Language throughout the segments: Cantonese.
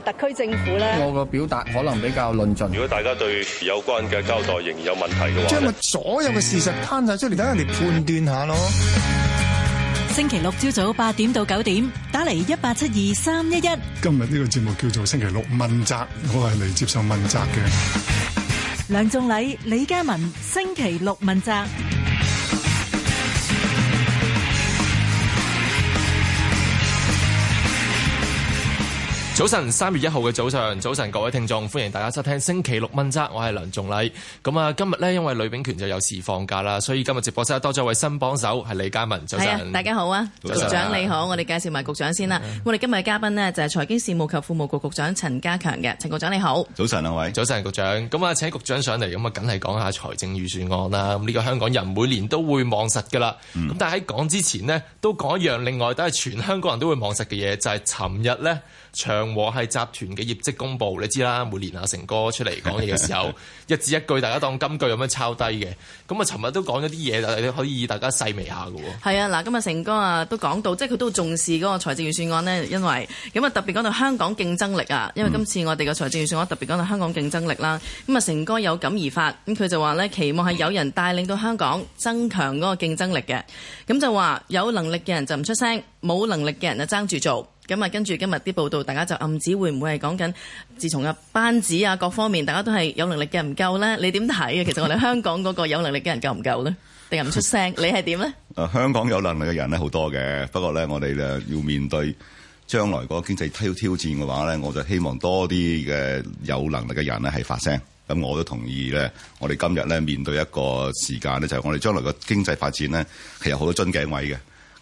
特區政府咧，我個表達可能比較論盡。如果大家對有關嘅交代仍然有問題嘅話，將個所有嘅事實攤晒出嚟，等、嗯、人哋判斷下咯。星期六朝早八點到九點，打嚟一八七二三一一。今日呢個節目叫做星期六問責，我係嚟接受問責嘅。梁仲禮、李家文，星期六問責。早晨，三月一號嘅早上，早晨各位聽眾，歡迎大家收聽《星期六問責》，我係梁仲禮。咁啊，今日咧，因為呂炳權就有事放假啦，所以今日直播室多咗位新幫手，係李家文。早晨，大家好啊，早晨局長早晨你好，我哋介紹埋局長先啦。嗯、我哋今日嘅嘉賓呢，就係財經事務及庫務局局長陳家強嘅，陳局長，陳陳陳局長你好。早晨兩位，早晨局長。咁啊，請局長上嚟，咁啊，梗係講下財政預算案啦。咁呢個香港人每年都會望實噶啦。咁、嗯、但係喺講之前呢，都講一樣，另外都係全香港人都會望實嘅嘢，就係尋日呢。長和係集團嘅業績公布，你知啦。每年阿成哥出嚟講嘢嘅時候， 一字一句，大家當金句咁樣抄低嘅。咁啊，尋日都講咗啲嘢，可以大家細味下嘅喎。係啊，嗱，今日成哥啊都講到，即係佢都重視嗰個財政預算案呢，因為咁啊特別講到香港競爭力啊，因為今次我哋嘅財政預算案特別講到香港競爭力啦。咁啊、嗯，成哥有感而發，咁佢就話呢，期望係有人帶領到香港增強嗰個競爭力嘅。咁就話有能力嘅人就唔出聲，冇能力嘅人就爭住做。咁啊，跟住今日啲報道，大家就暗指會唔會係講緊自從入班子啊各方面，大家都係有能力嘅人唔夠咧？你點睇啊？其實我哋香港嗰個有能力嘅人夠唔夠咧？定係唔出聲？你係點咧？誒，香港有能力嘅人咧好多嘅，不過咧，我哋誒要面對將來嗰個經濟挑挑戰嘅話咧，我就希望多啲嘅有能力嘅人咧係發聲。咁我都同意咧，我哋今日咧面對一個時間咧，就係我哋將來個經濟發展咧，係有好多樽頸位嘅。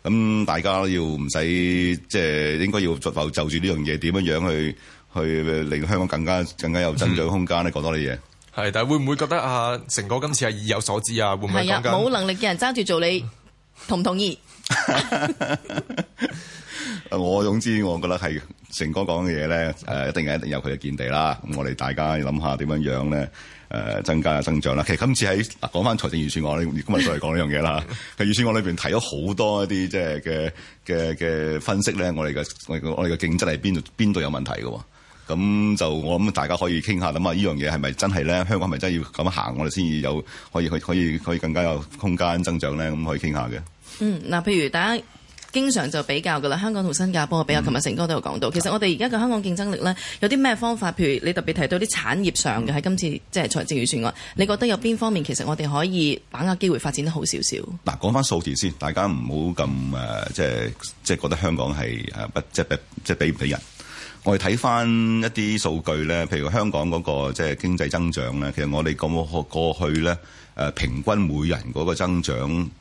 咁大家要唔使即係，應該要就就住呢樣嘢點樣樣去去令香港更加更加有增長空間咧。講、嗯、多啲嘢係，但係會唔會覺得啊？成哥今次係意有所指啊？會唔會係呀冇能力嘅人揸住做你 同唔同意？ 我總之，我覺得係成哥講嘅嘢咧，誒一定係一定有佢嘅見地啦。咁我哋大家諗下點樣樣咧？誒、呃、增加嘅增長啦，其實今次喺講翻財政預算案，你今日再嚟講呢樣嘢啦。喺預算案裏邊提咗好多一啲即係嘅嘅嘅分析咧，我哋嘅我我哋嘅競爭係邊度邊度有問題嘅喎。咁就我諗大家可以傾下，咁啊呢樣嘢係咪真係咧？香港係咪真係要咁行，我哋先至有可以去可以可以，可以更加有空間增長咧？咁可以傾下嘅。嗯，嗱，嗯、譬如大家。經常就比較噶啦，香港同新加坡比較。琴日成哥都有講到，嗯、其實我哋而家嘅香港競爭力咧，有啲咩方法？譬如你特別提到啲產業上嘅喺今次即係財政預算案，你覺得有邊方面其實我哋可以把握機會發展得好少少？嗱、嗯，講翻數字先，大家唔好咁誒，即係即係覺得香港係誒、呃、不即係即係俾唔俾人。我哋睇翻一啲數據咧，譬如香港嗰個即係經濟增長咧，其實我哋過過去咧，誒平均每人嗰個增長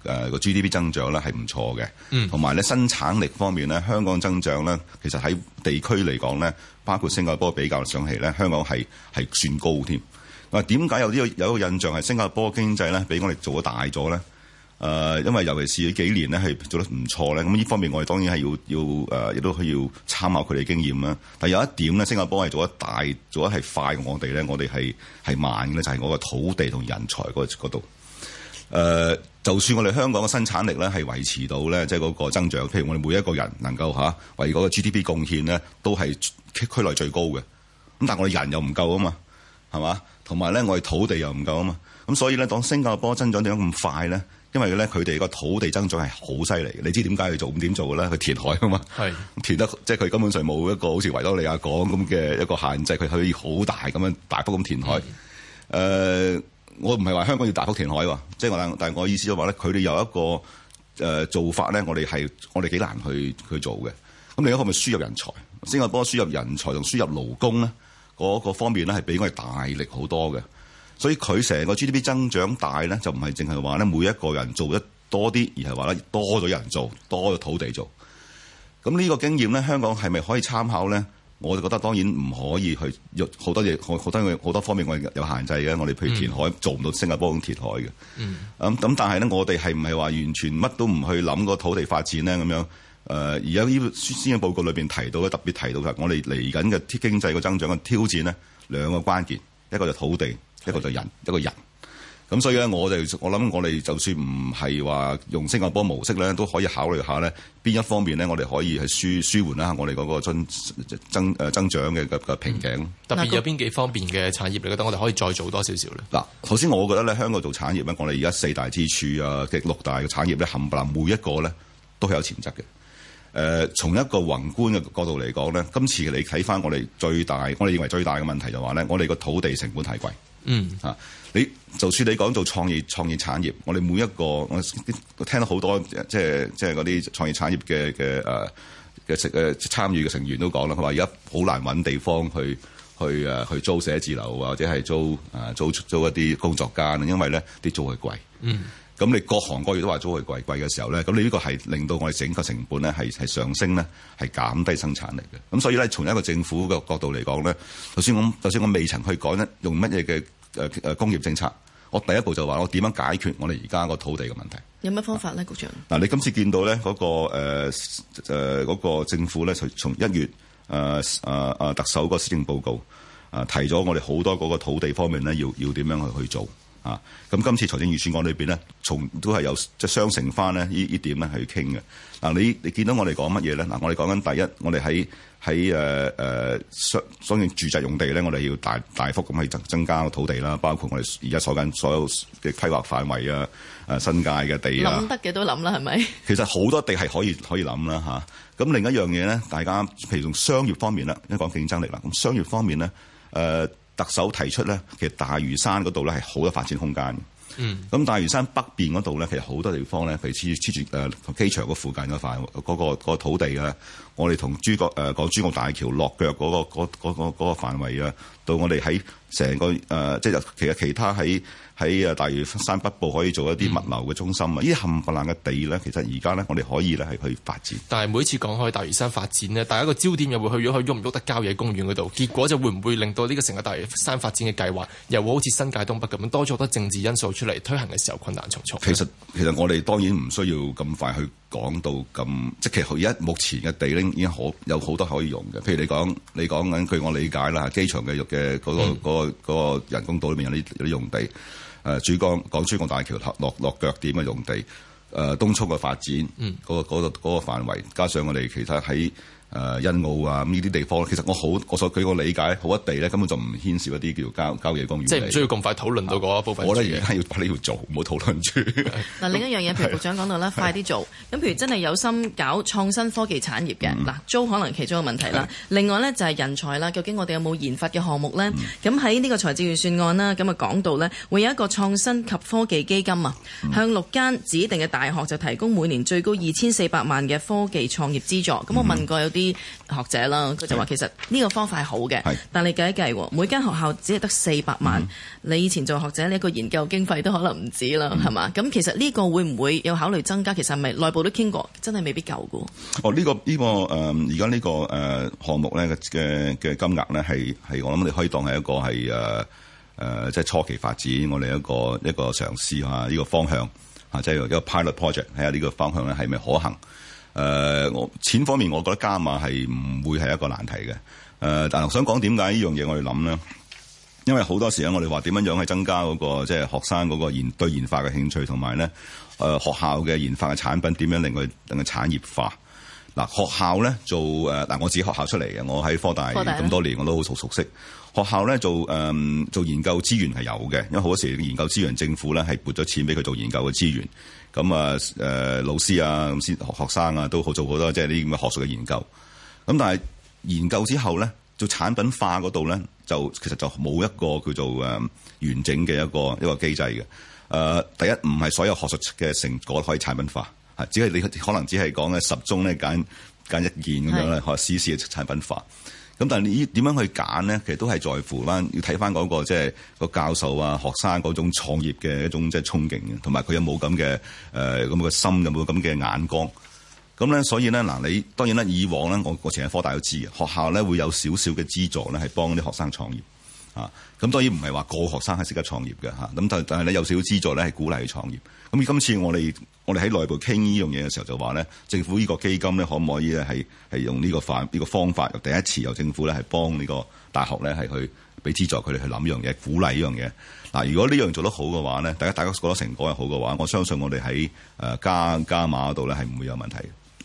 誒個 GDP 增長咧係唔錯嘅，嗯，同埋咧生產力方面咧，香港增長咧，其實喺地區嚟講咧，包括新加坡比較上嚟咧，香港係係算高添。嗱、這個，點解有呢個有一個印象係新加坡經濟咧比我哋做得大咗咧？誒，因為尤其是呢幾年咧，係做得唔錯咧。咁呢方面，我哋當然係要要誒，亦都佢要參考佢哋經驗啦。但係有一點咧，新加坡係做得大做得係快，我哋咧，我哋係係慢嘅，就係、是、我個土地同人才嗰度。誒、呃，就算我哋香港嘅生產力咧，係維持到咧，即係嗰個增長，譬如我哋每一個人能夠嚇、啊、為嗰個 GDP 貢獻咧，都係區內最高嘅。咁但係我哋人又唔夠啊嘛，係嘛？同埋咧，我哋土地又唔夠啊嘛。咁所以咧，當新加坡增長點解咁快咧？因為咧，佢哋個土地增長係好犀利，你知點解佢做咁點做嘅咧？佢填海啊嘛，是的 填得即係佢根本上冇一個好似維多利亞港咁嘅一個限制，佢，嗯、可以好大咁樣大幅咁填海。誒，嗯呃，我唔係話香港要大幅填海喎，即係我但但我意思就話咧，佢哋有一個誒做法咧，我哋係我哋幾難去去做嘅。咁另一方面輸入人才，新加坡輸入人才同輸入勞工咧，嗰，那個方面咧係比我哋大力好多嘅。所以佢成個 GDP 增長大咧，就唔係淨係話咧，每一個人做得多啲，而係話咧多咗人做，多咗土地做。咁呢個經驗咧，香港係咪可以參考咧？我就覺得當然唔可以去好多嘢，好多好多方面我哋有限制嘅。我哋譬如填海、嗯、做唔到新加坡咁填海嘅。咁咁、嗯嗯，但係咧，我哋係唔係話完全乜都唔去諗個土地發展咧？咁樣誒而家呢份新嘅報告裏邊提到咧，特別提到嘅，我哋嚟緊嘅經濟個增長嘅挑戰咧，兩個關鍵，一個就土地。一個就人，一個人。咁，人所以咧，我就我諗，我哋就算唔係話用新加坡模式咧，都可以考慮下咧，邊一方面咧，我哋可以係舒舒緩一下我哋嗰個增增增長嘅個個瓶頸。特別有邊幾方面嘅產業，你覺得我哋可以再做多少少咧？嗱、嗯，首先我覺得咧，香港做產業咧，我哋而家四大支柱啊，嘅六大嘅產業咧，冚唪唥每一個咧都係有潛質嘅。誒、呃，從一個宏觀嘅角度嚟講咧，今次你睇翻我哋最大，我哋認為最大嘅問題就話咧，我哋個土地成本太貴。嗯嚇，你就算你講做創業創意產業，我哋每一個我聽到好多即係即係嗰啲創意產業嘅嘅誒嘅成誒參與嘅成員都講啦，佢話而家好難揾地方去去誒、啊、去租寫字樓或者係租誒、啊、租租，租，租一啲工作間，因為咧啲租係貴。嗯。咁你各行各業都話租去貴貴嘅時候咧，咁你呢個係令到我哋整個成本咧係係上升咧，係減低生產力嘅。咁所以咧，從一個政府嘅角度嚟講咧，頭先我頭先我未曾去講咧，用乜嘢嘅誒誒工業政策，我第一步就話我點樣解決我哋而家個土地嘅問題？有乜方法咧，局長？嗱、啊，你今次見到咧、那、嗰個誒誒政府咧，從從一月誒誒誒特首個施政報告啊、呃、提咗我哋好多嗰個土地方面咧，要要點樣去去做？啊！咁今次財政預算案裏邊咧，從都係由即係雙乘翻咧呢依點咧去傾嘅。嗱、啊，你你見到我哋講乜嘢咧？嗱、啊，我哋講緊第一，我哋喺喺誒誒相相應住宅用地咧，我哋要大大幅咁去增增加個土地啦，包括我哋而家所緊所有嘅規劃範圍啊、誒、啊、新界嘅地、啊。諗得嘅都諗啦，係咪？其實好多地係可以可以諗啦嚇。咁、啊啊、另一樣嘢咧，大家譬如從商業方面啦，一講競爭力啦，咁商業方面咧，誒、啊。特首提出咧，其實大嶼山嗰度咧，係好有發展空間，嗯，咁大嶼山北邊嗰度咧，其實好多地方咧，譬如黐黐住誒機場個附近嘅範嗰個嗰土地啊，我哋同珠江誒個港珠澳大橋落腳嗰個嗰嗰個嗰範圍啊，到我哋喺成個誒、呃，即係其實其他喺。喺啊大嶼山北部可以做一啲物流嘅中心啊！呢啲冚唪唥嘅地咧，其實而家咧我哋可以咧係去發展。但係每次講開大嶼山發展咧，大家個焦點又會去咗去喐唔喐得郊野公園嗰度，結果就會唔會令到呢個成個大嶼山發展嘅計劃又會好似新界東北咁樣多咗好多政治因素出嚟推行嘅時候困難重重。其實其實我哋當然唔需要咁快去。講到咁，即係佢而家目前嘅地咧，已經好有好多可以用嘅。譬如你講，你講緊，據我理解啦，機場嘅肉嘅嗰、那個嗰、嗯那個那個、人工島裏面有啲有啲用地，誒、呃，珠江港珠澳大橋落落腳點嘅用地，誒、呃，東涌嘅發展，嗰、嗯那個嗰、那個嗰、那個、範圍，加上我哋其他喺。誒欣澳啊，呢啲地方，其實我好，我所佢個理解，好一地呢，根本就唔牽涉一啲叫交交易公園。即係唔需要咁快討論到嗰一部分。我覺得而家要你要做，唔好討論住。嗱，另一樣嘢，皮局長講到咧，快啲做。咁譬如真係有心搞創新科技產業嘅，嗱，租可能其中一個問題啦。另外呢，就係人才啦，究竟我哋有冇研發嘅項目呢？咁喺呢個財政預算案啦，咁啊講到呢，會有一個創新及科技基金啊，向六間指定嘅大學就提供每年最高二千四百萬嘅科技創業資助。咁我問過有啲啲學者啦，佢就話其實呢個方法係好嘅。是但你計一計，每間學校只係得四百萬。嗯、你以前做學者，你一個研究經費都可能唔止啦，係嘛、嗯？咁其實呢個會唔會有考慮增加？其實係咪內部都傾過？真係未必夠噶。哦，呢、這個呢、這個誒，而家呢個誒項目咧嘅嘅金額咧係係我諗你可以當係一個係誒誒，即係初期發展我哋一個一個嘗試吓呢個方向啊，即係一個 pilot project 睇下呢個方向咧係咪可行。誒、呃，我錢方面，我覺得加碼係唔會係一個難題嘅。誒、呃，但係我想講點解呢樣嘢，我哋諗咧，因為好多時咧，我哋話點樣樣去增加嗰、那個即係、就是、學生嗰個研對研發嘅興趣，同埋咧誒學校嘅研發嘅產品點樣令佢等佢產業化。嗱、呃，學校咧做誒嗱、呃，我自己學校出嚟嘅，我喺科大咁多年，我都好熟熟悉。呢學校咧做誒、呃、做研究資源係有嘅，因為好多時研究資源政府咧係撥咗錢俾佢做研究嘅資源。咁啊，誒、呃、老師啊，咁先學學生啊，都好做好多即係啲咁嘅學術嘅研究。咁但係研究之後咧，做產品化嗰度咧，就其實就冇一個叫做誒完整嘅一個一個機制嘅。誒、呃，第一唔係所有學術嘅成果可以產品化，只係你可能只係講咧十宗咧揀揀一件咁樣咧，試試嘅產品化。咁但係你點樣去揀咧？其實都係在乎啦。要睇翻嗰個即係、就是、個教授啊、學生嗰種創業嘅一種即係衝勁嘅，同埋佢有冇咁嘅誒咁嘅心，有冇咁嘅眼光。咁咧，所以咧嗱，你當然啦，以往咧，我我成日科大都知嘅，學校咧會有少少嘅資助咧，係幫啲學生創業。啊，咁當然唔係話個學生係識得創業嘅嚇，咁但但係咧有少少資助咧係鼓勵佢創業。咁今次我哋我哋喺內部傾呢樣嘢嘅時候就話咧，政府呢個基金咧可唔可以咧係係用呢個法呢個方法，第一次由政府咧係幫呢個大學咧係去俾資助佢哋去諗呢樣嘢，鼓勵呢樣嘢嗱。如果呢樣做得好嘅話咧，大家大家覺得成果係好嘅話，我相信我哋喺誒加加碼度咧係唔會有問題。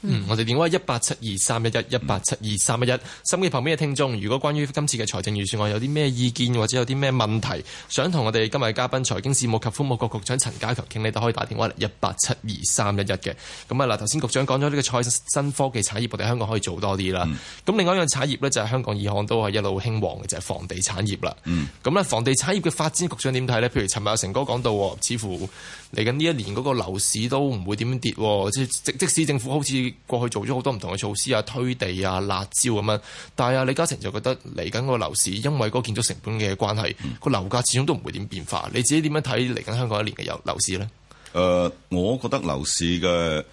嗯，mm. 我哋電話一八七二三一一一八七二三一一，心機旁邊嘅聽眾，如果關於今次嘅財政預算案有啲咩意見或者有啲咩問題，想同我哋今日嘅嘉賓財經事務及庫務局局長陳家強傾，你都可以打電話嚟一八七二三一一嘅。咁啊，嗱，頭先局長講咗呢個賽新科技產業，我哋香港可以做多啲啦。咁、mm. 另外一樣產業呢，就係、是、香港以行都係一路興旺嘅，就係、是、房地產業啦。咁呢、mm. 房地產業嘅發展，局長點睇呢？譬如琴日阿成哥講到，似乎。嚟緊呢一年嗰個樓市都唔會點樣跌，即即即使政府好似過去做咗好多唔同嘅措施啊，推地啊、辣椒咁樣，但係啊李嘉誠就覺得嚟緊個樓市，因為嗰個建築成本嘅關係，個樓價始終都唔會點變化。你自己點樣睇嚟緊香港一年嘅樓樓市咧？誒、呃，我覺得樓市嘅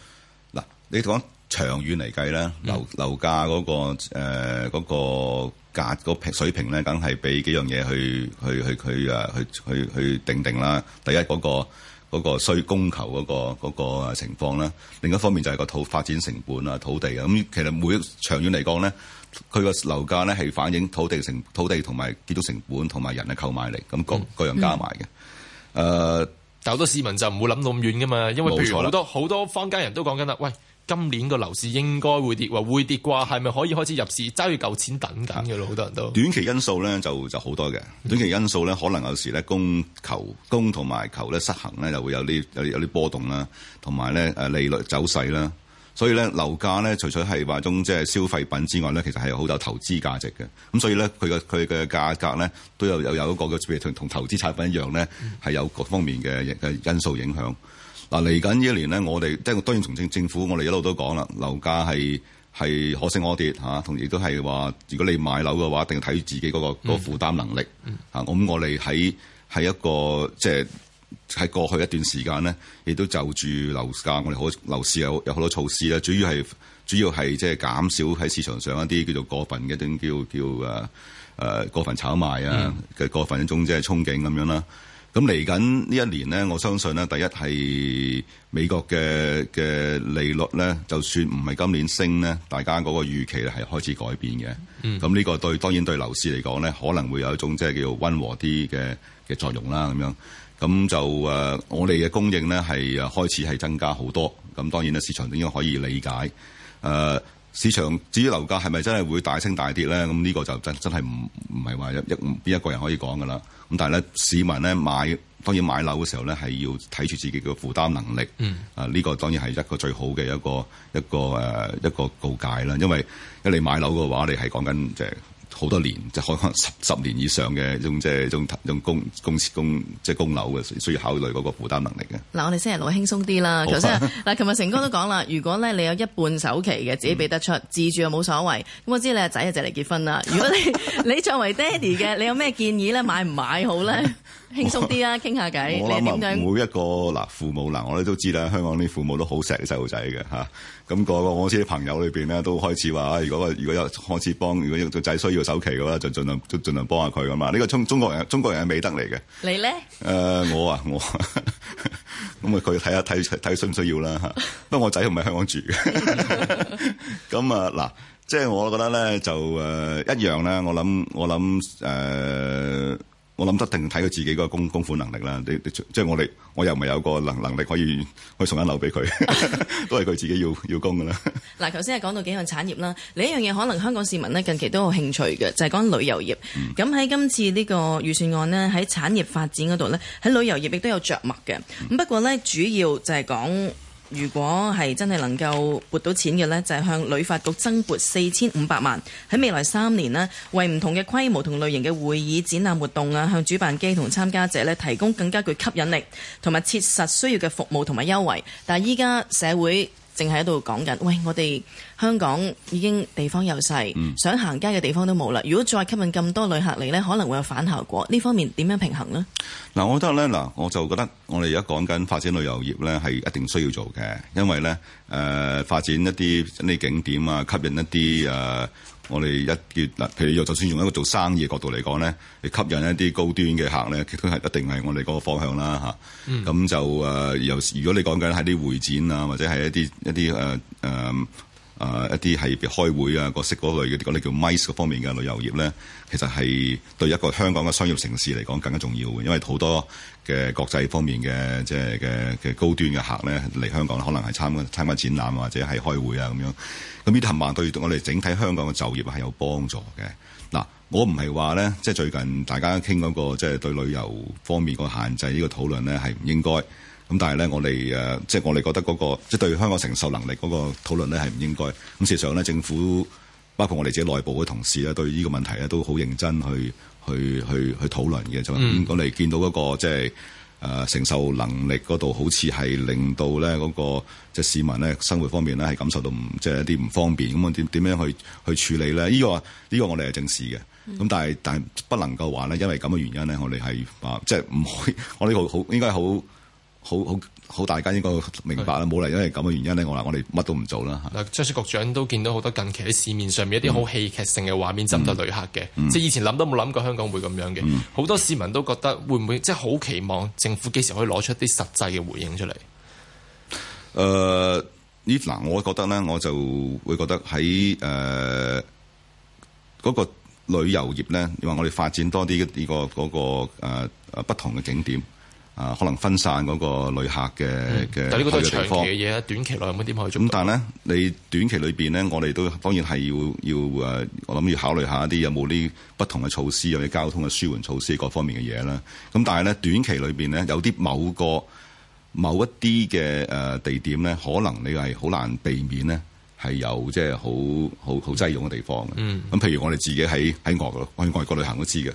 嗱，你講長遠嚟計咧，樓樓價嗰個誒嗰個價個平、嗰個、水平咧，梗係俾幾樣嘢去去去去誒去去去定定啦。第一嗰、嗰個嗰個需供求嗰個嗰情況啦，另一方面就係個土發展成本啊，土地啊，咁其實每長遠嚟講咧，佢個樓價咧係反映土地成土地同埋建築成本同埋人嘅購買力。咁各、嗯、各樣加埋嘅。誒、嗯，呃、但好多市民就唔會諗咁遠㗎嘛，因為譬如好多好多坊間人都講緊啦，喂。今年個樓市應該會跌，話會跌啩，係咪可以開始入市？揸住嚿錢等等？嘅咯，好多人都短期因素咧就就好多嘅。嗯、短期因素咧可能有時咧供求供同埋求咧失衡咧就會有啲有有啲波動啦，同埋咧誒利率走勢啦。所以咧樓價咧除咗係話種即係消費品之外咧，其實係有好多投資價值嘅。咁所以咧佢嘅佢嘅價格咧都有有有一個嘅，同投資產品一樣咧，係有各方面嘅嘅因素影響。嗱，嚟緊呢一年咧，我哋即係當然從政政府，我哋一路都講啦，樓價係係可升可跌嚇，同亦都係話，如果你買樓嘅話，一定要睇自己嗰個嗰負擔能力嚇。咁我哋喺喺一個即係喺過去一段時間咧，亦都就住樓價，我哋好樓市有有好多措施啦，主要係主要係即係減少喺市場上一啲叫做過份嘅一種叫叫誒誒過份炒賣啊嘅過份一種即係憧憬咁樣啦。咁嚟緊呢一年咧，我相信咧，第一係美國嘅嘅利率咧，就算唔係今年升咧，大家嗰個預期咧係開始改變嘅。嗯。咁呢個對當然對樓市嚟講咧，可能會有一種即係叫做溫和啲嘅嘅作用啦。咁樣咁就誒，我哋嘅供應咧係呃開始係增加好多。咁當然咧，市場應該可以理解。誒、呃。市場至於樓價係咪真係會大升大跌咧？咁、這、呢個就真真係唔唔係話一一邊一個人可以講噶啦。咁但係咧，市民咧買當然買樓嘅時候咧係要睇住自己嘅負擔能力。嗯、啊，呢、這個當然係一個最好嘅一個一個誒、呃、一個告誡啦。因為一你買樓嘅話，你係講緊即係。就是好多年，即係可能十十年以上嘅即係一種用供供供即係供樓嘅，需需要考慮嗰個負擔能力嘅。嗱，我哋先係攞輕鬆啲啦。頭先嗱，琴日成哥都講啦，如果咧你有一半首期嘅自己俾得出，自住又冇所謂。咁我知你阿仔就嚟結婚啦。如果你你作為爹哋嘅，你有咩建議咧？買唔買好咧？輕鬆啲啊，傾下偈。你點樣？每一個嗱，父母嗱，我哋都知啦。香港啲父母都好錫啲細路仔嘅吓。咁個我知朋友裏邊咧，都開始話啊，如果個如果有開始幫，如果個仔需要首期嘅話，就盡量都盡量幫下佢噶嘛。呢個中中國人中國人嘅美德嚟嘅。你咧？誒，我啊，我咁啊，佢睇下，睇睇需唔需要啦吓。不過我仔唔係香港住嘅。咁啊，嗱，即係我覺得咧，就誒，一樣咧。我諗我諗誒。我諗得定睇佢自己個供供款能力啦，你即係我哋，我又唔係有個能能力可以可以送間樓俾佢，都係佢自己要要供嘅啦。嗱，頭先係講到幾樣產業啦，另一樣嘢可能香港市民呢近期都有興趣嘅，就係、是、講旅遊業。咁喺、嗯、今次呢個預算案呢，喺產業發展嗰度呢，喺旅遊業亦都有着墨嘅。咁不過呢，主要就係講。如果係真係能夠撥到錢嘅呢，就係向旅發局增撥四千五百萬，喺未來三年呢，為唔同嘅規模同類型嘅會議展覽活動啊，向主辦機同參加者呢，提供更加具吸引力同埋切實需要嘅服務同埋優惠。但係依家社會，淨係喺度講緊，喂！我哋香港已經地方又細，嗯、想行街嘅地方都冇啦。如果再吸引咁多旅客嚟咧，可能會有反效果。呢方面點樣平衡呢？嗱、嗯，我覺得咧，嗱，我就覺得我哋而家講緊發展旅遊業咧，係一定需要做嘅，因為咧，誒、呃，發展一啲呢景點啊，吸引一啲誒。呃我哋一月嗱，譬如就算用一個做生意嘅角度嚟講咧，你吸引一啲高端嘅客咧，其實都係一定係我哋嗰個方向啦嚇。咁、嗯、就誒，有、呃、如果你講緊喺啲會展啊，或者係一啲一啲誒誒誒一啲係開會啊、各式嗰類嘅啲，叫 MICE 方面嘅旅遊業咧，其實係對一個香港嘅商業城市嚟講更加重要嘅，因為好多。嘅國際方面嘅即係嘅嘅高端嘅客咧嚟香港，可能係參加參加展覽或者係開會啊咁樣。咁呢啲行辦對我哋整體香港嘅就業係有幫助嘅。嗱，我唔係話咧，即係最近大家傾嗰個即係對旅遊方面個限制呢個討論咧係唔應該。咁但係咧，我哋誒、呃、即係我哋覺得嗰、那個即係對香港承受能力嗰個討論咧係唔應該。咁事實上咧，政府包括我哋自己內部嘅同事咧，對呢個問題咧都好認真去。去去去討論嘅就咁、是那個，我哋見到嗰個即係誒承受能力嗰度，好似係令到咧、那、嗰個即係、就是、市民咧生活方面咧係感受到唔即係一啲唔方便，咁我點點樣去去處理咧？呢、這個呢、這個我哋係正視嘅，咁、嗯、但係但係不能夠話咧，因為咁嘅原因咧，我哋係即係唔可以，我呢個好應該好好好。好，大家應該明白啦，冇嚟是，因為咁嘅原因咧，我我哋乜都唔做啦嚇。嗱、嗯是，張叔局長都見到好多近期喺市面上面一啲好戲劇性嘅畫面針對旅客嘅，嗯嗯嗯嗯即係以前諗都冇諗過香港會咁樣嘅。好多市民都覺得會唔會即係好期望政府幾時可以攞出啲實際嘅回應出嚟？誒，呢嗱，我覺得咧，我就會覺得喺誒嗰個旅遊業咧，因為我哋發展多啲呢、這個嗰、那個誒不同嘅景，景，景點。啊，可能分散嗰個旅客嘅嘅嘅地方。但係呢個係長期嘅嘢啦，短期內有冇點可以做？咁但係咧，你短期裏邊咧，我哋都當然係要要誒，我諗要考慮一下一啲有冇啲不同嘅措施，有啲交通嘅舒緩措施，各方面嘅嘢啦。咁但係咧，短期裏邊咧，有啲某個某一啲嘅誒地點咧，可能你係好難避免咧，係有即係好好好擠擁嘅地方嘅。咁、嗯、譬如我哋自己喺喺外國，去外國旅行都知嘅。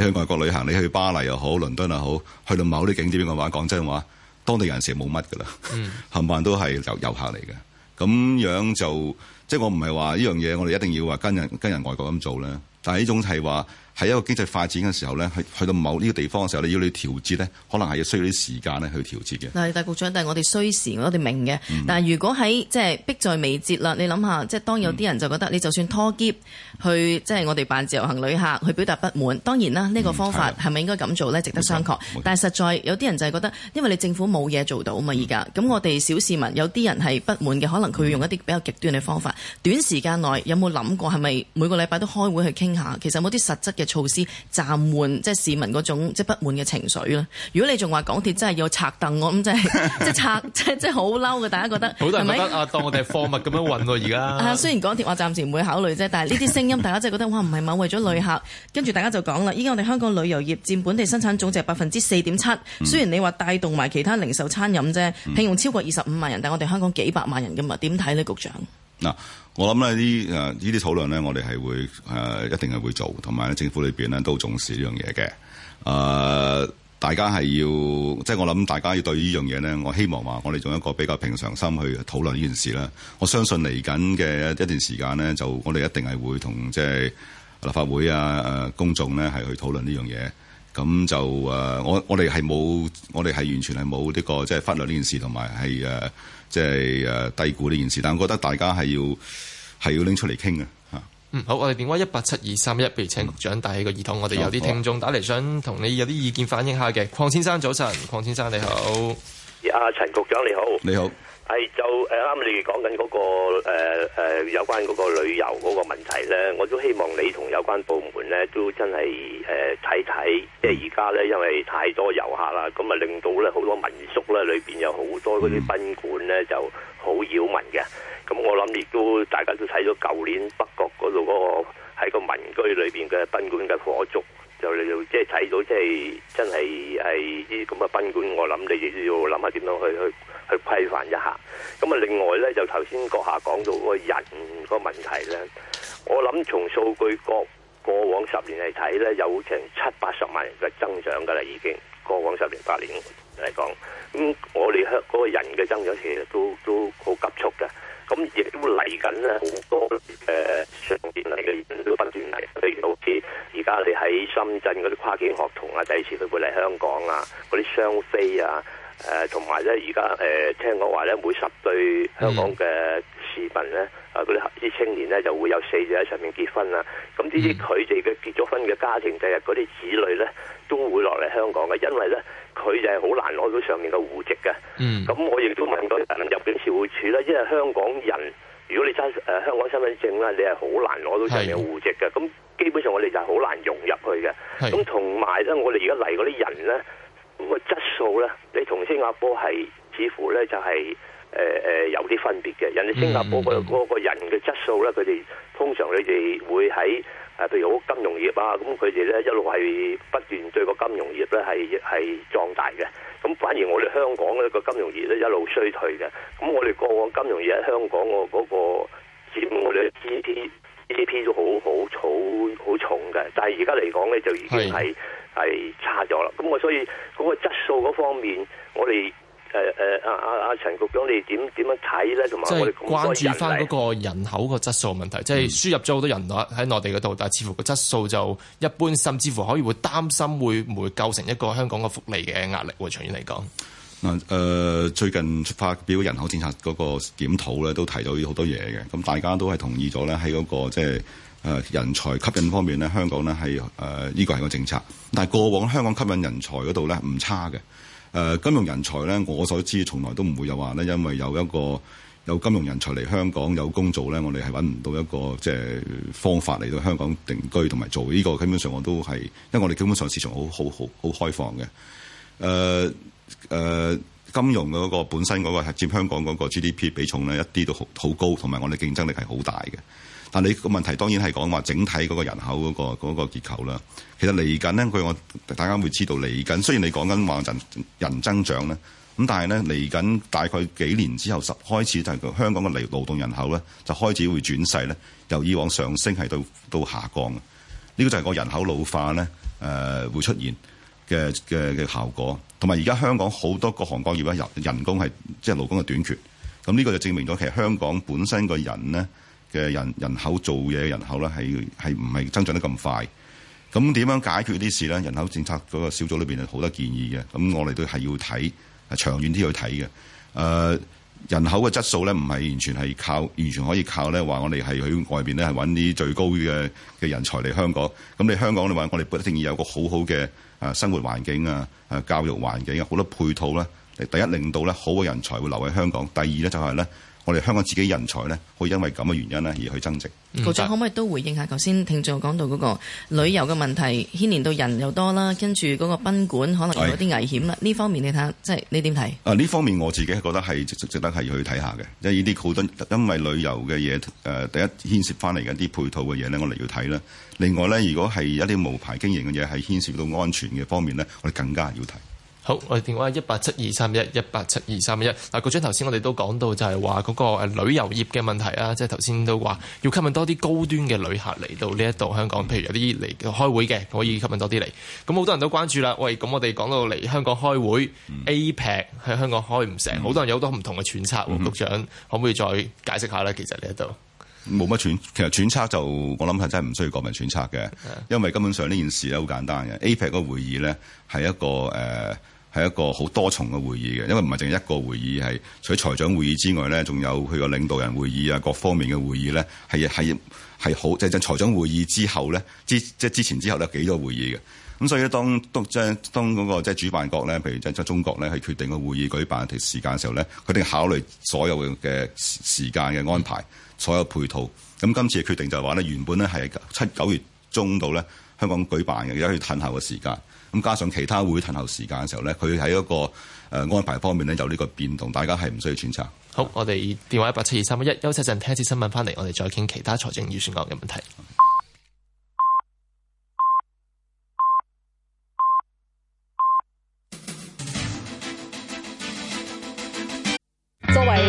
你去外國旅行，你去巴黎又好，倫敦又好，去到某啲景點嘅話，講真話，當地人士冇乜㗎喇，冚唪唥都係遊遊客嚟嘅。咁樣就即係我唔係話呢樣嘢，我哋一定要話跟人跟人外國咁做喇。但係呢種係話。喺一個經濟發展嘅時候呢，去去到某呢個地方嘅時候要你要嚟調節呢，可能係要需要啲時間呢去調節嘅。係，但係大局長，但係我哋需時，我哋明嘅。嗯、但係如果喺即係迫在眉睫啦，你諗下，即係當有啲人就覺得你就算拖劫去，即係我哋辦自由行旅客去表達不滿，當然啦，呢、呢個方法係咪應該咁做呢？值得商榷。嗯、但係實在有啲人就係覺得，因為你政府冇嘢做到啊嘛，而家咁我哋小市民有啲人係不滿嘅，可能佢會用一啲比較極端嘅方法。短時間內有冇諗過係咪每個禮拜都開會去傾下？其實冇啲實質嘅。措施暫緩，即係市民嗰種即係不滿嘅情緒啦。如果你仲話港鐵真係要拆凳，我咁就係即係拆，即係即係好嬲嘅。大家覺得好都係得啊！當我哋貨物咁樣運喎而家啊，雖然港鐵話暫時唔會考慮啫，但係呢啲聲音大家真係覺得哇，唔係嘛？為咗旅客，跟住大家就講啦。依家我哋香港旅遊業佔本地生產總值百分之四點七，雖然你話帶動埋其他零售、餐飲啫，僱用超過二十五萬人，但係我哋香港幾百萬人㗎嘛？點睇呢？局長嗱。 我諗咧，呢誒呢啲討論咧，我哋係會誒一定係會做，同埋政府裏邊咧都重視呢樣嘢嘅。誒、呃，大家係要即係、就是、我諗，大家要對呢樣嘢咧，我希望話我哋用一個比較平常心去討論呢件事啦。我相信嚟緊嘅一段時間咧，就我哋一定係會同即係立法會啊、誒公眾咧係去討論呢樣嘢。咁就誒，我我哋係冇，我哋係完全係冇呢個即係忽略呢件事，同埋係誒即係誒低估呢件事。但係我覺得大家係要。係要拎出嚟傾嘅嚇。嗯，好，我哋電話一八七二三一，不如請局長帶起個耳筒，嗯，我哋有啲聽眾打嚟，想同你有啲意見反映下嘅。鄺先生早晨，鄺先生你好。阿陳局長你好。你好。係就誒啱、呃、你哋講緊嗰個誒、呃呃、有關嗰個旅遊嗰個問題咧，我都希望你同有關部門咧都真係誒睇睇，即係而家咧因為太多遊客啦，咁啊令到咧好多民宿咧裏邊有好多嗰啲賓館咧就好擾民嘅。咁、嗯、我諗亦都大家都睇到舊年北角嗰度嗰個喺、嗰個嗰個民居裏邊嘅賓館嘅火燭。就你到即係睇到，即係真係係啲咁嘅賓館，我諗你亦都要諗下點樣去去去規範一下。咁啊，另外咧，就頭先閣下講到嗰個人個問題咧，我諗從數據過過往十年嚟睇咧，有成七八十萬人嘅增長噶啦，已經過往十年八年嚟講，咁我哋香嗰個人嘅增長其實都都好急促嘅。咁亦都嚟緊啦，好多誒、呃、上邊嚟嘅移民都不斷嚟，譬如好似而家你喺深圳嗰啲跨境學童啊，第一次佢會嚟香港啊，嗰啲雙飛啊，誒同埋咧，而家誒聽講話咧，每十對香港嘅市民咧，啊嗰啲啲青年咧就會有四對喺上面結婚啦，啊。咁啲啲佢哋嘅結咗婚嘅家庭第日嗰啲子女咧，都會落嚟香港嘅，因為咧。佢就係好難攞到上面嘅戶籍嘅，咁、嗯、我亦都問過入境事務處咧，因為香港人如果你揸誒、呃、香港身份證咧，你係好難攞到上面嘅戶籍嘅，咁是基本上我哋就係好難融入去嘅。咁同埋咧，我哋而家嚟嗰啲人咧，個質素咧，你同新加坡係似乎咧就係誒誒有啲分別嘅。人哋新加坡個、嗯、個人嘅質素咧，佢哋通常佢哋會喺。誒，譬如好金融業啊，咁佢哋咧一路係不斷對個金融業咧係係壯大嘅，咁反而我哋香港咧個金融業咧一路衰退嘅，咁我哋過往金融業喺香港、嗰個佔、我嗰個我哋 GDP 都好好好好重嘅，但係而家嚟講咧就已經係係差咗啦，咁我的的所以嗰個質素嗰方面我哋。誒誒，阿阿阿陳局長，你點點樣睇咧？同埋我哋關注翻嗰個人口個質素問題，即係輸入咗好多人喺喺內地嗰度，但係似乎個質素就一般，甚至乎可以會擔心會唔會構成一個香港個福利嘅壓力，長遠嚟講。嗱、嗯，誒、呃，最近發表人口政策嗰個檢討咧，都提到好多嘢嘅，咁大家都係同意咗咧、那個，喺嗰個即係誒人才吸引方面咧，香港咧係誒呢、呃，這個係個政策，但係過往香港吸引人才嗰度咧唔差嘅。誒、呃、金融人才咧，我所知從來都唔會有話咧，因為有一個有金融人才嚟香港有工做咧，我哋係揾唔到一個即係方法嚟到香港定居同埋做呢、這個。基本上我都係，因為我哋基本上市場好好好好開放嘅。誒、呃、誒、呃，金融嗰個本身嗰、那個係佔香港嗰個 GDP 比重咧，一啲都好高，同埋我哋競爭力係好大嘅。但你個問題當然係講話整體嗰個人口嗰個嗰個結構啦。其實嚟緊呢，佢我大家會知道嚟緊。雖然你講緊話人人增長咧，咁但係咧嚟緊大概幾年之後，十開始就係香港嘅勞動人口咧就開始會轉勢咧，由以往上升係到到下降。呢、這個就係個人口老化咧誒、呃、會出現嘅嘅嘅效果。同埋而家香港好多各行各業都係人工係即係勞工嘅短缺。咁呢個就證明咗其實香港本身個人咧。嘅人人口做嘢人口咧，係係唔係增長得咁快？咁點樣解決啲事咧？人口政策嗰個小組裏邊好多建議嘅，咁我哋都係要睇長遠啲去睇嘅。誒、呃，人口嘅質素咧，唔係完全係靠，完全可以靠咧話，我哋係喺外邊咧，係揾啲最高嘅嘅人才嚟香港。咁你香港你話，我哋一定要有個好好嘅誒生活環境啊，誒教育環境啊，好多配套咧。第一令到咧好嘅人才會留喺香港，第二咧就係、是、咧。我哋香港自己人才呢，會因為咁嘅原因呢而去增值。局長可唔可以都回應下頭先聽眾講到嗰、嗰個旅遊嘅問題牽連到人又多啦，跟住嗰個賓館可能有啲危險啦。呢、哎、方面你睇下，即係你點睇？啊，呢方面我自己覺得係值值得係要去睇下嘅，即係呢啲好多因為旅遊嘅嘢誒，第一牽涉翻嚟嘅啲配套嘅嘢呢，我哋要睇啦。另外呢，如果係一啲無牌經營嘅嘢，係牽涉到安全嘅方面呢，我哋更加要睇。好，我哋電話一八七二三一一八七二三一。嗱，局長頭先我哋都講到就係話嗰個旅遊業嘅問題啦，即係頭先都話要吸引多啲高端嘅旅客嚟到呢一度香港，譬如有啲嚟開會嘅，可以吸引多啲嚟。咁好多人都關注啦，喂，咁我哋講到嚟香港開會、嗯、APEC 喺香港開唔成，好、嗯、多人有好多唔同嘅揣測，嗯、哼局長可唔可以再解釋下呢？其實呢一度。冇乜揣，其實揣測就我諗係真係唔需要過分揣測嘅，因為根本上呢件事咧好簡單嘅。APEC 個會議咧係一個誒係、呃、一個好多重嘅會議嘅，因為唔係淨係一個會議係除咗財長會議之外咧，仲有佢個領導人會議啊，各方面嘅會議咧係係係好即係、就、財長會議之後咧之即係之前之後咧幾多會議嘅。咁所以咧，當當將當嗰個即係主辦國咧，譬如即係中國咧係決定個會議舉辦同時間嘅時候咧，佢哋考慮所有嘅時間嘅安排。所有配套，咁今次嘅決定就係話咧，原本咧係七九月中到咧香港舉辦嘅，而家要褪後嘅時間，咁加上其他會褪後時間嘅時候咧，佢喺一個誒安排方面咧有呢個變動，大家係唔需要揣測。好，我哋電話一八七二三一，休息陣聽一次新聞翻嚟，我哋再傾其他財政預算案嘅問題。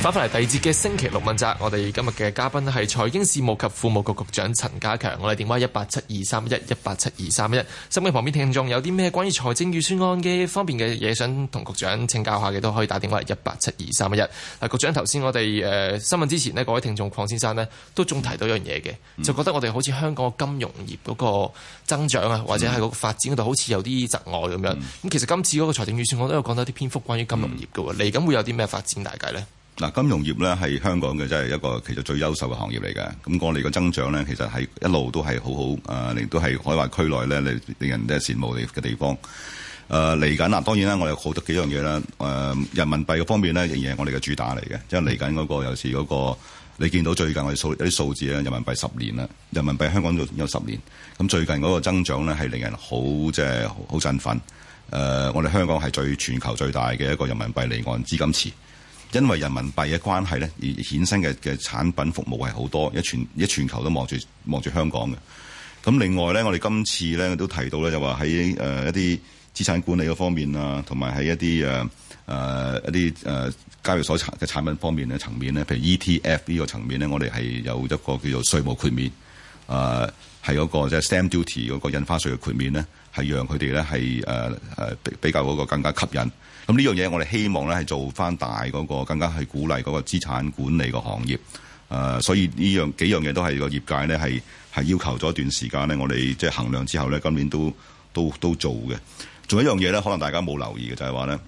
翻返嚟，第二節嘅星期六問責，我哋今日嘅嘉賓係財經事務及庫務局局局長陳家強。我哋電話一八七二三一一八七二三一。咁嘅旁邊聽眾有啲咩關於財政預算案嘅方面嘅嘢，想同局長請教下嘅，都可以打電話嚟一八七二三一一。嗱，局長頭先我哋誒、呃，新聞之前呢，各位聽眾鄺先生呢都仲提到一樣嘢嘅，就覺得我哋好似香港嘅金融業嗰個增長啊，或者係個發展嗰度好似有啲窒礙咁樣。咁其實今次嗰個財政預算案都有講到啲篇幅關於金融業㗎喎，嚟緊會有啲咩發展大計呢？嗱，金融業咧係香港嘅，即係一個其實最優秀嘅行業嚟嘅。咁我哋嘅增長咧，其實係一路都係好好，誒、呃，亦都係可謂區內咧，令令人咧羨慕嘅地方。誒，嚟緊啊！當然啦，我哋有好多幾樣嘢啦。誒、呃，人民幣方面咧，仍然係我哋嘅主打嚟嘅，即係嚟緊嗰個尤其嗰個你見到最近我哋數啲數字咧，人民幣十年啦，人民幣香港有十年。咁最近嗰個增長咧係令人好即係好振奮。誒、呃，我哋香港係最全球最大嘅一個人民幣離岸資金池。因為人民幣嘅關係咧，而衍生嘅嘅產品服務係好多，一全一全球都望住望住香港嘅。咁另外咧，我哋今次咧都提到咧，就話喺誒一啲資產管理方面啊，同埋喺一啲誒誒一啲誒、呃呃、交易所嘅產品方面嘅層面咧，譬如 ETF 呢個層面咧，我哋係有一個叫做稅務豁免誒，係、呃、嗰個即係 stamp duty 嗰個印花稅嘅豁免咧，係讓佢哋咧係誒誒比較嗰個更加吸引。咁呢樣嘢，我哋希望咧係做翻大嗰個，更加係鼓勵嗰個資產管理個行業。誒，所以呢樣幾樣嘢都係個業界咧係係要求咗一段時間咧。我哋即係衡量之後咧，今年都都都做嘅。仲有一樣嘢咧，可能大家冇留意嘅就係話咧，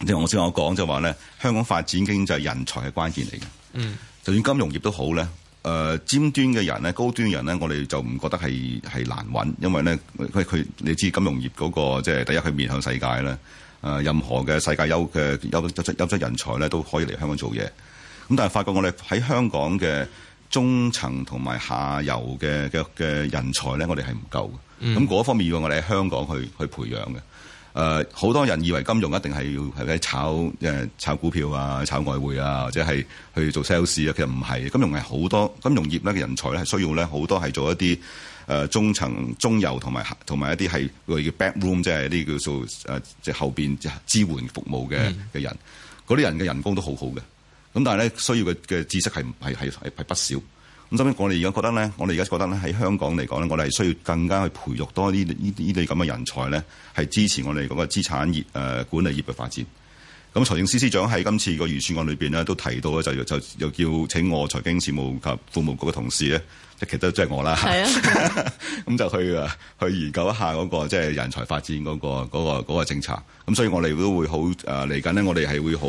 即係我先我講就話咧，香港發展經濟人才係關鍵嚟嘅。嗯，mm. 就算金融業都好咧，誒尖端嘅人咧、高端人咧，我哋就唔覺得係係難揾，因為咧，佢佢你知金融業嗰個即係第一，佢面向世界咧。誒任何嘅世界優嘅優優質人才咧，都可以嚟香港做嘢。咁但係發覺我哋喺香港嘅中層同埋下游嘅嘅嘅人才咧，我哋係唔夠嘅。咁嗰、嗯、方面要我哋喺香港去去培養嘅。誒、呃，好多人以為金融一定係要係喺炒誒炒股票啊、炒外匯啊，或者係去做 sales 啊，其實唔係。金融係好多金融業咧嘅人才咧，係需要咧好多係做一啲。誒中層中游同埋同埋一啲係我哋叫 backroom，即係啲叫做誒即係後邊支援服務嘅嘅人，嗰啲的人嘅人工都好好嘅。咁但係咧，需要嘅嘅知識係係係係不少。咁所以我，我哋而家覺得咧，我哋而家覺得咧喺香港嚟講咧，我哋係需要更加去培育多啲呢啲呢啲咁嘅人才咧，係支持我哋嗰個資產業管理業嘅發展。咁財政司司長喺今次個預算案裏邊咧，都提到咧就就又叫請我財經事務及庫務局嘅同事咧。即係都即係我啦，係啊，咁 就去啊去研究一下嗰個即係人才發展嗰個嗰個嗰個政策。咁所以我哋都會好誒嚟緊咧，呃、我哋係會好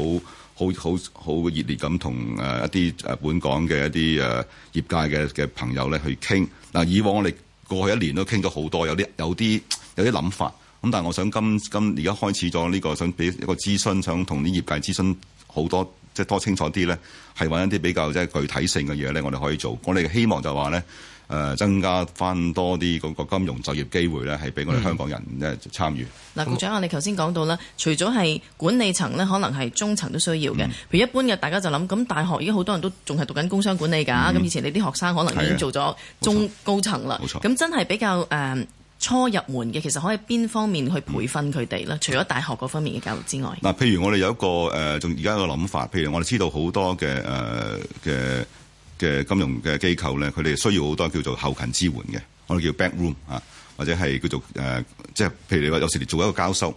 好好好熱烈咁同誒一啲誒本港嘅一啲誒業界嘅嘅朋友咧去傾。嗱，以往我哋過去一年都傾咗好多，有啲有啲有啲諗法。咁但係我想今今而家開始咗呢、呢個想俾一個諮詢，想同啲業界諮詢好多，即係多清楚啲咧，係揾一啲比較即係具體性嘅嘢咧，我哋可以做。我哋希望就話咧，誒、呃、增加翻多啲嗰個，個金融就業機會咧，係俾我哋香港人咧、嗯、參與。嗱，局長，我哋頭先講到咧，除咗係管理層咧，可能係中層都需要嘅。譬、嗯、如一般嘅大家就諗，咁大學而家好多人都仲係讀緊工商管理㗎，咁、嗯、以前你啲學生可能已經做咗中高層啦。冇的錯，咁錯真係比較誒。嗯初入門嘅其實可以邊方面去培訓佢哋咧？除咗大學嗰方面嘅教育之外，嗱，譬如我哋有一個誒，仲而家有個諗法，譬如我哋知道好多嘅誒嘅嘅金融嘅機構咧，佢哋需要好多叫做後勤支援嘅，我哋叫 backroom 啊，或者係叫做誒，即係譬如你話有時你做一個交收，誒、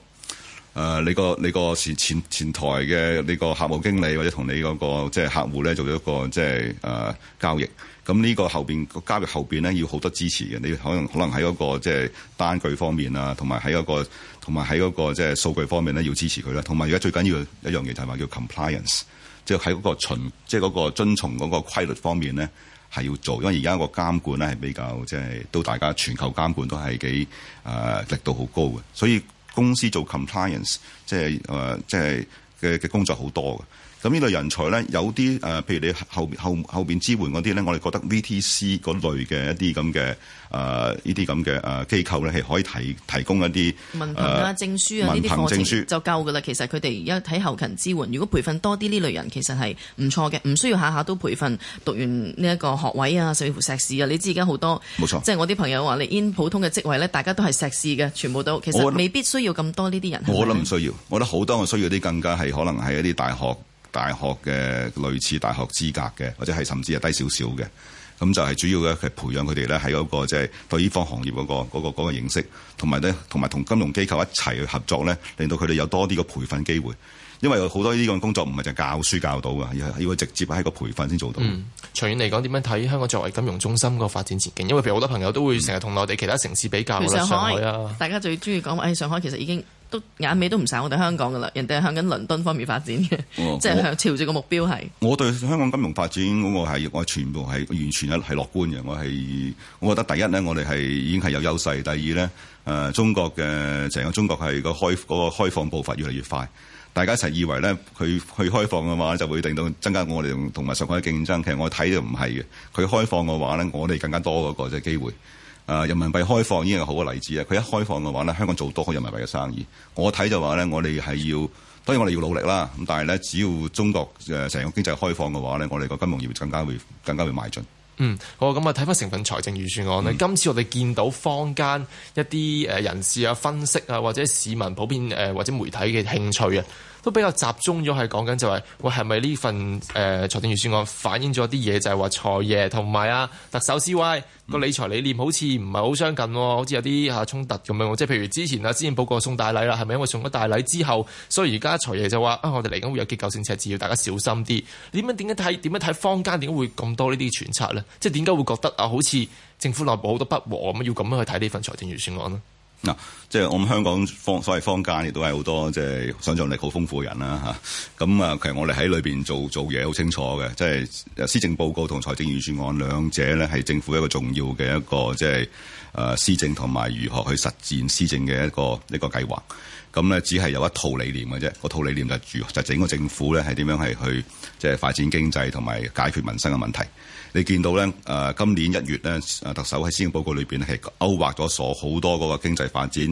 呃、你個你個前前前台嘅你個客戶經理或者同你嗰個即係客戶咧做咗一個即係誒交易。咁呢個後邊個交易後邊咧，要好多支持嘅。你可能可能喺嗰、那個即係、就是、單據方面啊，同埋喺嗰個同埋喺嗰個即係、就是、數據方面咧，要支持佢啦。同埋而家最緊要一樣嘢就係話叫 compliance，即係喺嗰、那個循即係嗰個遵從嗰個規律方面咧，係要做。因為而家個監管咧係比較即係都大家全球監管都係幾誒、呃、力度好高嘅，所以公司做 compliance 即、就、係、是、誒即、呃、係嘅、就、嘅、是、工作好多嘅。咁呢類人才咧，有啲誒、呃，譬如你後後後邊支援嗰啲咧，我哋覺得 VTC 嗰類嘅一啲咁嘅誒，呢啲咁嘅誒機構咧，係可以提提供一啲文憑啊、呃、證書啊呢啲課程就夠噶啦。其實佢哋一睇後勤支援，如果培訓多啲呢類人，其實係唔錯嘅，唔需要下下都培訓讀完呢一個學位啊，甚至乎碩士嘅、啊。你知而家好多冇錯，即係我啲朋友話你 in 普通嘅職位咧，大家都係碩士嘅，全部都其實未必需要咁多呢啲人。我覺得唔需要，我覺得好多我需要啲更，更加係可能係一啲大學。大學嘅類似大學資格嘅，或者係甚至係低少少嘅，咁就係主要嘅，係培養佢哋咧喺嗰個即係對呢方行業嗰個嗰個嗰個認識，同埋咧同埋同金融機構一齊去合作咧，令到佢哋有多啲嘅培訓機會。因為好多呢個工作唔係就教書教到嘅，要要直接喺個培訓先做到。嗯，長遠嚟講，點樣睇香港作為金融中心個發展前景？因為譬如好多朋友都會成日同內地其他城市比較比上海，上海、啊、大家最中意講話誒，上海其實已經都眼尾都唔曬我哋香港嘅啦，人哋係向緊倫敦方面發展嘅，我即係向朝住個目標係。我對香港金融發展，我係我全部係完全係係樂觀嘅。我係我覺得第一呢，我哋係已經係有優勢；第二呢，誒、呃、中國嘅成個中國係個開嗰、嗰個開放步伐越嚟越快。大家一齊以為咧，佢去開放嘅話就會令到增加我哋同埋上海嘅競爭。其實我睇就唔係嘅。佢開放嘅話咧，我哋更加多嗰個就機會。誒、啊，人民幣開放已經係好嘅例子啊！佢一開放嘅話咧，香港做多好人民幣嘅生意。我睇就話咧，我哋係要當然我哋要努力啦。咁但係咧，只要中國誒成個經濟開放嘅話咧，我哋個金融業更加會更加會邁進。嗯，好，咁啊睇翻成份財政預算案咧，嗯、今次我哋見到坊間一啲誒人士啊分析啊，或者市民普遍誒或者媒體嘅興趣啊。都比較集中咗，係講緊就係，喂，係咪呢份誒財政預算案反映咗啲嘢？就係話財爺同埋啊特首 CY 個理財理念好似唔係好相近喎，好似有啲嚇衝突咁樣。即係譬如之前啊，之前報過送大禮啦，係咪因為送咗大禮之後，所以而家財爺就話啊，我哋嚟緊會有結構性赤字，要大家要小心啲。點樣點樣睇，點樣睇坊間點解會咁多呢啲揣測呢？即係點解會覺得啊，好似政府內部好多不和咁樣，要咁樣去睇呢份財政預算案呢？」嗱，即係我咁香港方所謂坊間亦都係好多，即係想像力好豐富嘅人啦嚇，咁啊其實我哋喺裏邊做做嘢好清楚嘅，即係施政報告同財政預算案兩者咧係政府一個重要嘅一個即係誒施政同埋如何去實踐施政嘅一個一個計劃。咁咧只係有一套理念嘅啫，個套理念就係住就整個政府咧係點樣係去即係發展經濟同埋解決民生嘅問題。你見到咧，誒、呃、今年一月咧，誒特首喺施政報告裏邊咧係勾畫咗所好多嗰個經濟發展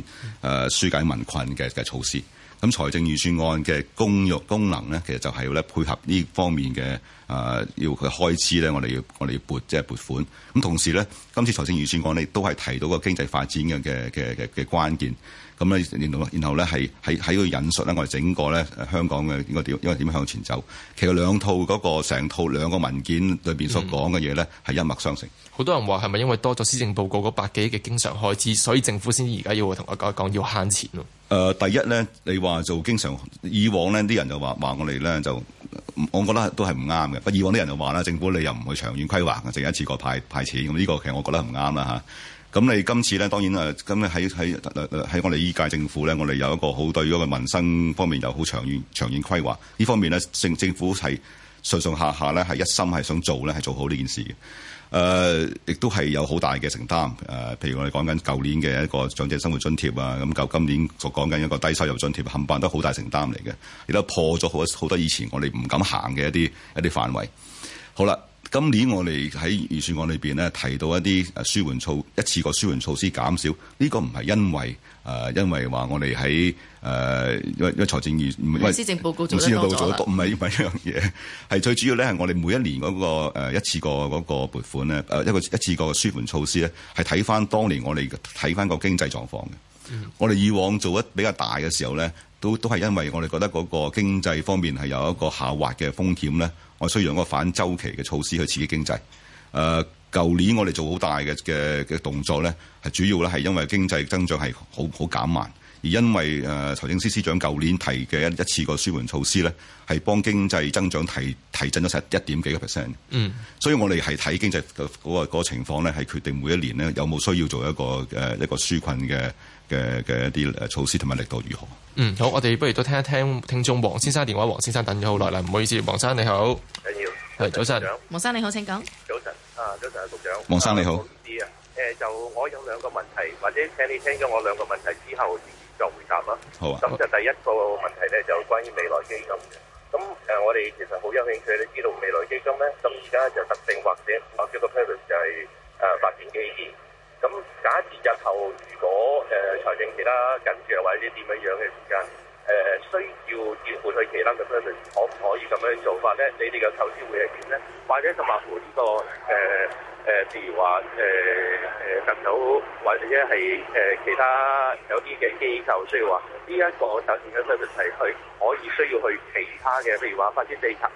誒疏、呃、解民困嘅嘅措施。咁財政預算案嘅功用功能咧，其實就係要咧配合呢方面嘅誒、呃，要佢開支咧，我哋要我哋要撥即係、就是、撥款。咁同時咧，今次財政預算案咧都係提到個經濟發展嘅嘅嘅嘅關鍵。咁然後咧，然後係喺個引述咧，我哋整個咧、呃、香港嘅應該點因為點向前走。其實兩套嗰、嗰個成套兩個文件裏邊所講嘅嘢咧，係、嗯、一脈相承。好多人話係咪因為多咗施政報告嗰百幾億嘅經常開支，所以政府先至而家要同我講講要慳錢咯？誒、呃，第一咧，你話就經常，以往咧啲人就話話我哋咧就，我覺得都係唔啱嘅。不過以往啲人就話啦，政府你又唔去長遠規劃嘅，淨係一次過派派錢。咁、這、呢個其實我覺得唔啱啦嚇。咁你今次咧，當然誒，咁喺喺喺我哋呢屆政府咧，我哋有一個好對於嗰個民生方面又好長遠長遠規劃。呢方面咧，政政府係上上下下咧係一心係想做咧，係做好呢件事嘅。誒、呃，亦都係有好大嘅承擔。誒、呃，譬如我哋講緊舊年嘅一個長者生活津貼啊，咁舊今年就講緊一個低收入津貼，冚棒得好大承擔嚟嘅，亦都破咗好好多以前我哋唔敢行嘅一啲一啲範圍。好啦。今年我哋喺預算案裏邊咧提到一啲誒舒緩措一次過舒緩措施減少，呢、這個唔係因為，誒、呃、因為話我哋喺誒因為財政預唔係施政報告做得唔錯啦，唔係呢樣嘢，係最主要咧係我哋每一年嗰、那個、呃、一次過嗰個撥款咧誒一個一次過嘅舒緩措施咧係睇翻當年我哋睇翻個經濟狀況。嘅。我哋以往做得比較大嘅時候呢，都都係因為我哋覺得嗰個經濟方面係有一個下滑嘅風險咧，我需要用個反周期嘅措施去刺激經濟。誒、呃，舊年我哋做好大嘅嘅嘅動作呢，係主要咧係因為經濟增長係好好減慢，而因為誒財政司司長舊年提嘅一一次個舒緩措施呢，係幫經濟增長提提振咗實一點幾個 percent。嗯，所以我哋係睇經濟嗰、那個那個情況呢，係決定每一年呢，有冇需要做一個誒一個舒困嘅。嘅嘅一啲措施同埋力度如何？嗯，好，我哋不如都聽一聽聽眾黃先生電話。黃先生等咗好耐啦，唔好意思，黃生你好。係、嗯、早晨，黃生你好，請講。早晨，啊早晨，局長。黃生你好。唔好意思啊，誒就我有兩個問題，或者請你聽咗我兩個問題之後再回答啦。好啊。咁就第一個問題咧，就關於未來基金嘅。咁誒，我哋其實好有興趣你知道未來基金咧，咁而家就特定，或者我叫個譬如就係誒發展基金。咁假設日後如果誒、呃、財政其他緊張或者點樣樣嘅時間誒、呃，需要轉撥去其他嘅方面，可唔可以咁樣做法咧？你哋嘅構思會係點咧？或者同埋乎呢個誒誒，譬、呃呃、如話誒誒，人、呃、保或者係誒、呃、其他有啲嘅機構需要話，呢、這、一個投資嘅方面係佢可以需要去其他嘅，譬如話發展地產。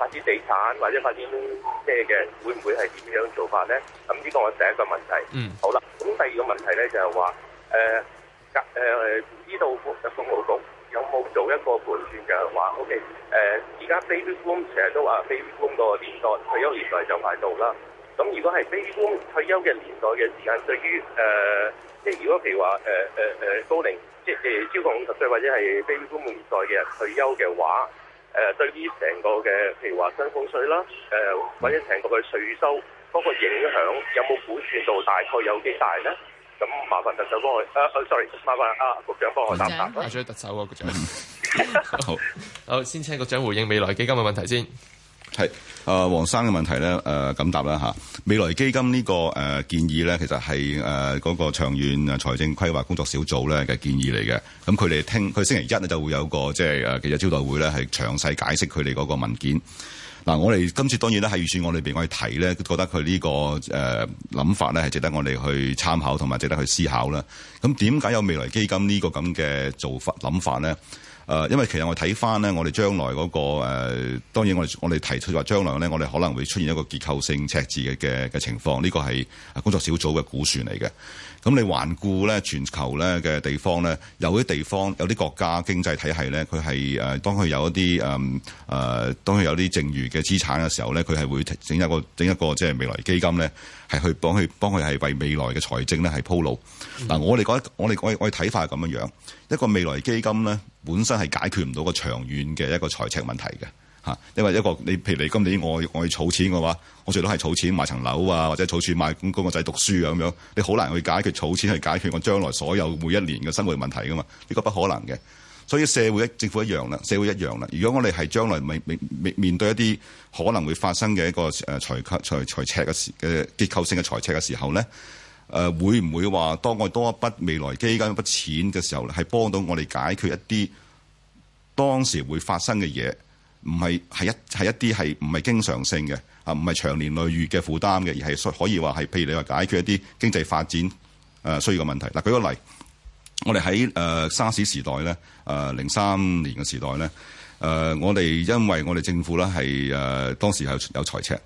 發展地產或者發展咩嘅，會唔會係點樣做法咧？咁呢個我第一個問題。嗯。 好啦，咁第二個問題咧就係、是、話，誒、呃，誒，唔知道特首老公有冇做一個盤算嘅話，OK，誒、呃，而家 baby boom 成日都話 baby boom 個年代退休年代就快到啦。咁如果係 baby boom 退休嘅年代嘅時間，對於誒、呃呃呃，即係如果譬如話誒誒誒高齡，即係超過五十歲或者係 baby boom 年代嘅人退休嘅話，誒、呃、對於成個嘅，譬如話增稅啦，誒、呃、或者成個嘅稅收嗰個影響，有冇估算度大概有幾大咧？咁麻煩特首幫我，啊，啊，sorry，麻煩啊，局長幫我答答啦。特首啊，局長。 好，好，先請局長回應未來基金嘅問題先。係，誒黃、啊、生嘅問題咧，誒、呃、咁答啦嚇、啊。未來基金呢、這個誒、呃、建議咧，其實係誒嗰個長遠財政規劃工作小組咧嘅建議嚟嘅。咁佢哋聽，佢星期一咧就會有個即係誒，記、啊、者招待會咧係詳細解釋佢哋嗰個文件。嗱、啊，我哋今次當然咧喺預算案裏邊，我哋睇咧覺得佢、這個呃、呢個誒諗法咧係值得我哋去參考同埋值得去思考啦。咁點解有未來基金呢個咁嘅做法諗法咧？誒，因為其實我睇翻咧，我哋將來嗰個誒，當然我哋我哋提出話將來咧，我哋可能會出現一個結構性赤字嘅嘅嘅情況，呢個係工作小組嘅估算嚟嘅。咁你環顧咧全球咧嘅地方咧，有啲地方有啲國家經濟體系咧，佢係誒當佢有一啲誒誒，當佢有啲剩餘嘅資產嘅時候咧，佢係會整一個整一個整一個即係未來基金咧，係去幫佢幫佢係為未來嘅財政咧係鋪路。嗱、嗯，我哋覺得我哋我哋我哋睇法係咁樣樣，一個未來基金咧。本身係解決唔到個長遠嘅一個財赤問題嘅嚇、啊，因為一個你譬如你今年我我要儲錢嘅話，我最多係儲錢買層樓啊，或者儲錢買供個仔讀書啊咁樣，你好難去解決儲錢去解決我將來所有每一年嘅生活問題噶嘛，呢、啊、個不可能嘅。所以社會政府一樣啦，社會一樣啦。如果我哋係將來面面對一啲可能會發生嘅一個誒財級財，財，財，財赤嘅時嘅結構性嘅財赤嘅時候咧？誒、啊、會唔會話當我多一筆未來基金一筆錢嘅時候咧，係幫到我哋解決一啲當時會發生嘅嘢？唔係係一係一啲係唔係經常性嘅啊？唔係長年累月嘅負擔嘅，而係可以話係譬如你話解決一啲經濟發展誒需要嘅問題。嗱、啊，舉個例，我哋喺誒沙士時代咧，誒零三年嘅時代咧，誒、呃、我哋因為我哋政府咧係誒當時係有，有財赤。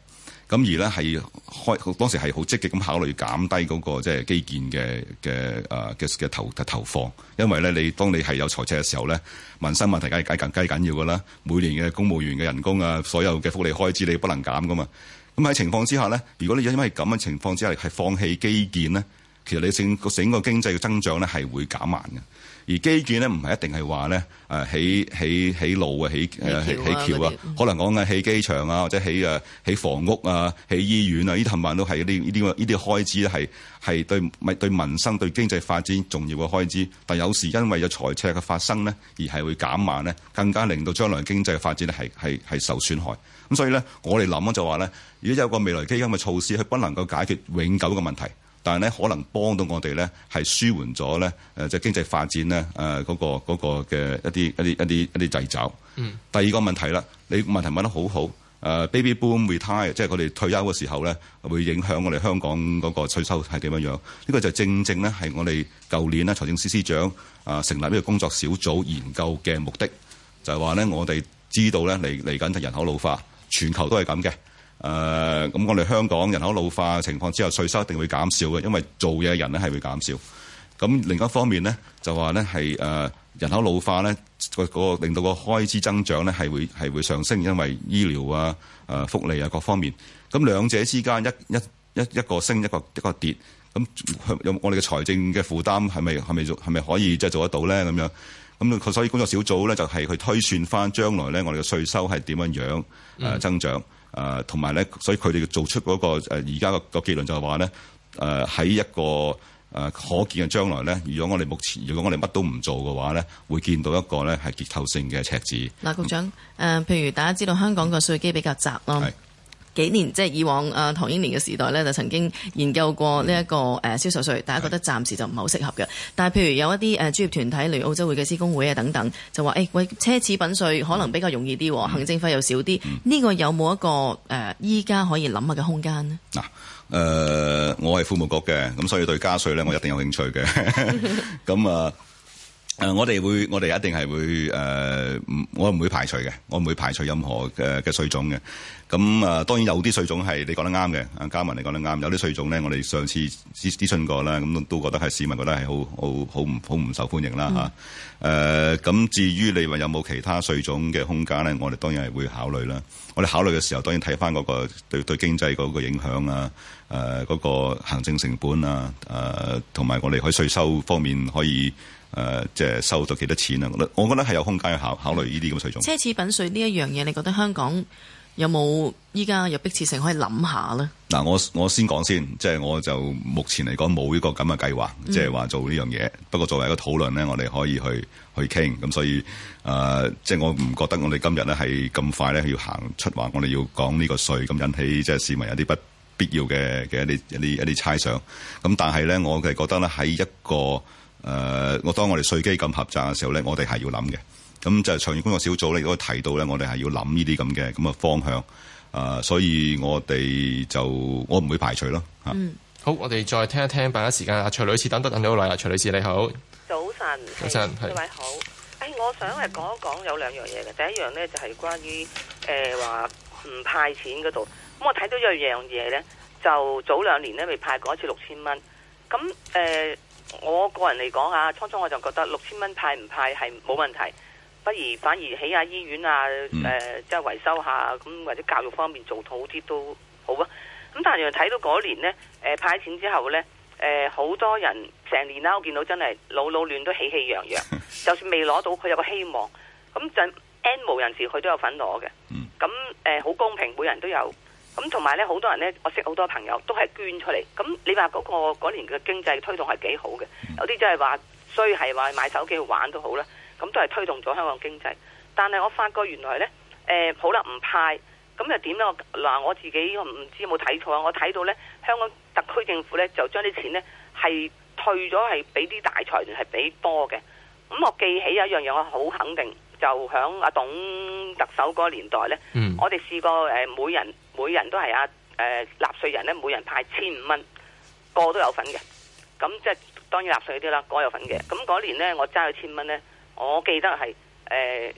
咁而咧係開當時係好積極咁考慮減低嗰個即係基建嘅嘅誒嘅嘅投投放，因為咧你當你係有財赤嘅時候咧，民生問題梗係更加緊要㗎啦。每年嘅公務員嘅人工啊，所有嘅福利開支你不能減噶嘛。咁喺情況之下咧，如果你因為咁嘅情況之下係放棄基建咧，其實你整個整個經濟嘅增長咧係會減慢嘅。而基建咧唔係一定係話咧，誒起起起路啊，起誒起橋啊，可能講緊起機場啊，或者起誒起房屋啊，起醫院啊，呢啲冚唪唥都係一啲依啲依啲開支咧，係係對係對民生對經濟發展重要嘅開支，但有時因為有財赤嘅發生咧，而係會減慢咧，更加令到將來經濟嘅發展咧係係係受損害。咁所以咧，我哋諗啊，就話咧，如果有個未來基金嘅措施，佢不能夠解決永久嘅問題。但係咧，可能幫到我哋咧，係舒緩咗咧，誒，即係經濟發展咧，誒，嗰個嗰個嘅一啲一啲一啲一啲掣肘。嗯。第二個問題啦，你問題問得好好。誒，baby boom retire，即係佢哋退休嘅時候咧，會影響我哋香港嗰個稅收係點樣樣？呢個就正正咧係我哋舊年咧財政司司長啊成立呢個工作小組研究嘅目的，就係話咧我哋知道咧嚟嚟緊人口老化，全球都係咁嘅。誒咁，我哋香港人口老化情況之後，稅收一定會減少嘅，因為做嘢人咧係會減少。咁另一方面咧，就話咧係誒人口老化咧個令到個開支增長咧係會係會上升，因為醫療啊、誒福利啊各方面。咁兩者之間一一一一個升一個一個跌，咁有我哋嘅財政嘅負擔係咪係咪做係咪可以即係做得到咧？咁樣咁佢所以工作小組咧就係去推算翻將來咧我哋嘅稅收係點樣樣誒增長。誒同埋咧，所以佢哋做出嗰個而家個個結論就係話咧，誒、呃、喺一個誒可見嘅將來咧，如果我哋目前如果我哋乜都唔做嘅話咧，會見到一個咧係結構性嘅赤字。嗱，局長誒、呃，譬如大家知道香港個稅基比較窄咯。幾年即係以往啊，唐英年嘅時代咧，就曾經研究過呢一個誒銷售稅，大家覺得暫時就唔係好適合嘅。是但係譬如有一啲誒專業團體，嚟澳洲會嘅施工會啊等等，就話誒喂，奢侈品稅可能比較容易啲，嗯、行政費又少啲。呢、嗯、個有冇一個誒依家可以諗下嘅空間呢？嗱誒、 呃，我係庫務局嘅，咁所以對加稅咧，我一定有興趣嘅。咁啊誒，我哋會，我哋一定係會誒，我唔會排除嘅，我唔會排除任何嘅嘅稅種嘅。咁啊，當然有啲稅種係你講得啱嘅，阿嘉文你講得啱。有啲稅種咧，我哋上次諮諮詢過啦，咁都都覺得係市民覺得係好好好唔好唔受歡迎啦嚇。誒咁、嗯啊，至於你話有冇其他稅種嘅空間咧，我哋當然係會考慮啦。我哋考慮嘅時候，當然睇翻嗰個對對，對經濟嗰個影響啊，誒、那、嗰個行政成本啊，誒同埋我哋喺稅收方面可以誒，即係收咗幾多錢啊？我、就是、我覺得係有空間去考考慮呢啲咁嘅稅種。奢侈品稅呢一樣嘢，你覺得香港？有冇依家有逼切性，可以諗下咧？嗱，我我先講先，即係我就目前嚟講冇呢個咁嘅計劃，即係話做呢樣嘢。嗯、不過作為一個討論咧，我哋可以去去傾。咁所以誒、呃，即係我唔覺得我哋今日咧係咁快咧要行出話，我哋要講呢個稅，咁引起即係市民一啲不必要嘅嘅一啲一啲一啲猜想。咁但係咧，我哋覺得咧喺一個誒、呃，我當我哋稅基咁狹窄嘅時候咧，我哋係要諗嘅。咁就係長遠工作小組咧，如果提到咧，我哋係要諗呢啲咁嘅咁嘅方向。誒、呃，所以我哋就我唔會排除咯。嗯。好，我哋再聽一聽，俾翻時間阿徐女士等得等咗好耐啊，徐女士你好。早晨。早晨，是各位好。誒、哎，我想係講一講有兩樣嘢嘅。第一樣咧就係、是、關於誒話唔派錢嗰度。咁我睇到一樣嘢咧，就早兩年咧未派過一次六千蚊。咁誒、呃，我個人嚟講嚇，初初我就覺得六千蚊派唔派係冇問題。不如反而起下醫院啊！誒、呃，即係維修下咁，或者教育方面做好啲都好啊！咁但係又睇到嗰年呢，誒、呃、派錢之後呢，誒、呃、好多人成年啦，我見到真係老老嫩嫩都喜氣洋洋， 就算未攞到，佢有個希望。咁就 N 無人時，佢都有份攞嘅。咁誒好公平，每人都有。咁同埋呢，好多人呢，我識好多朋友都係捐出嚟。咁你話嗰、那個嗰年嘅經濟推動係幾好嘅？有啲真係話，雖係話買手機去玩都好啦。咁都係推動咗香港經濟，但係我發覺原來呢，誒、欸、好啦唔派，咁又點呢？我嗱，我自己我唔知有冇睇錯啊！我睇到呢，香港特區政府呢，就將啲錢呢，係退咗係俾啲大財團係俾多嘅。咁我記起有一樣嘢，我好肯定，就響阿董特首嗰年代呢，嗯、我哋試過誒每人每人都係阿誒納稅人呢，每人派千五蚊，個都有份嘅。咁即係當然納稅啲啦，個有份嘅。咁、那、嗰、個、年呢，我揸咗千蚊呢。我記得係誒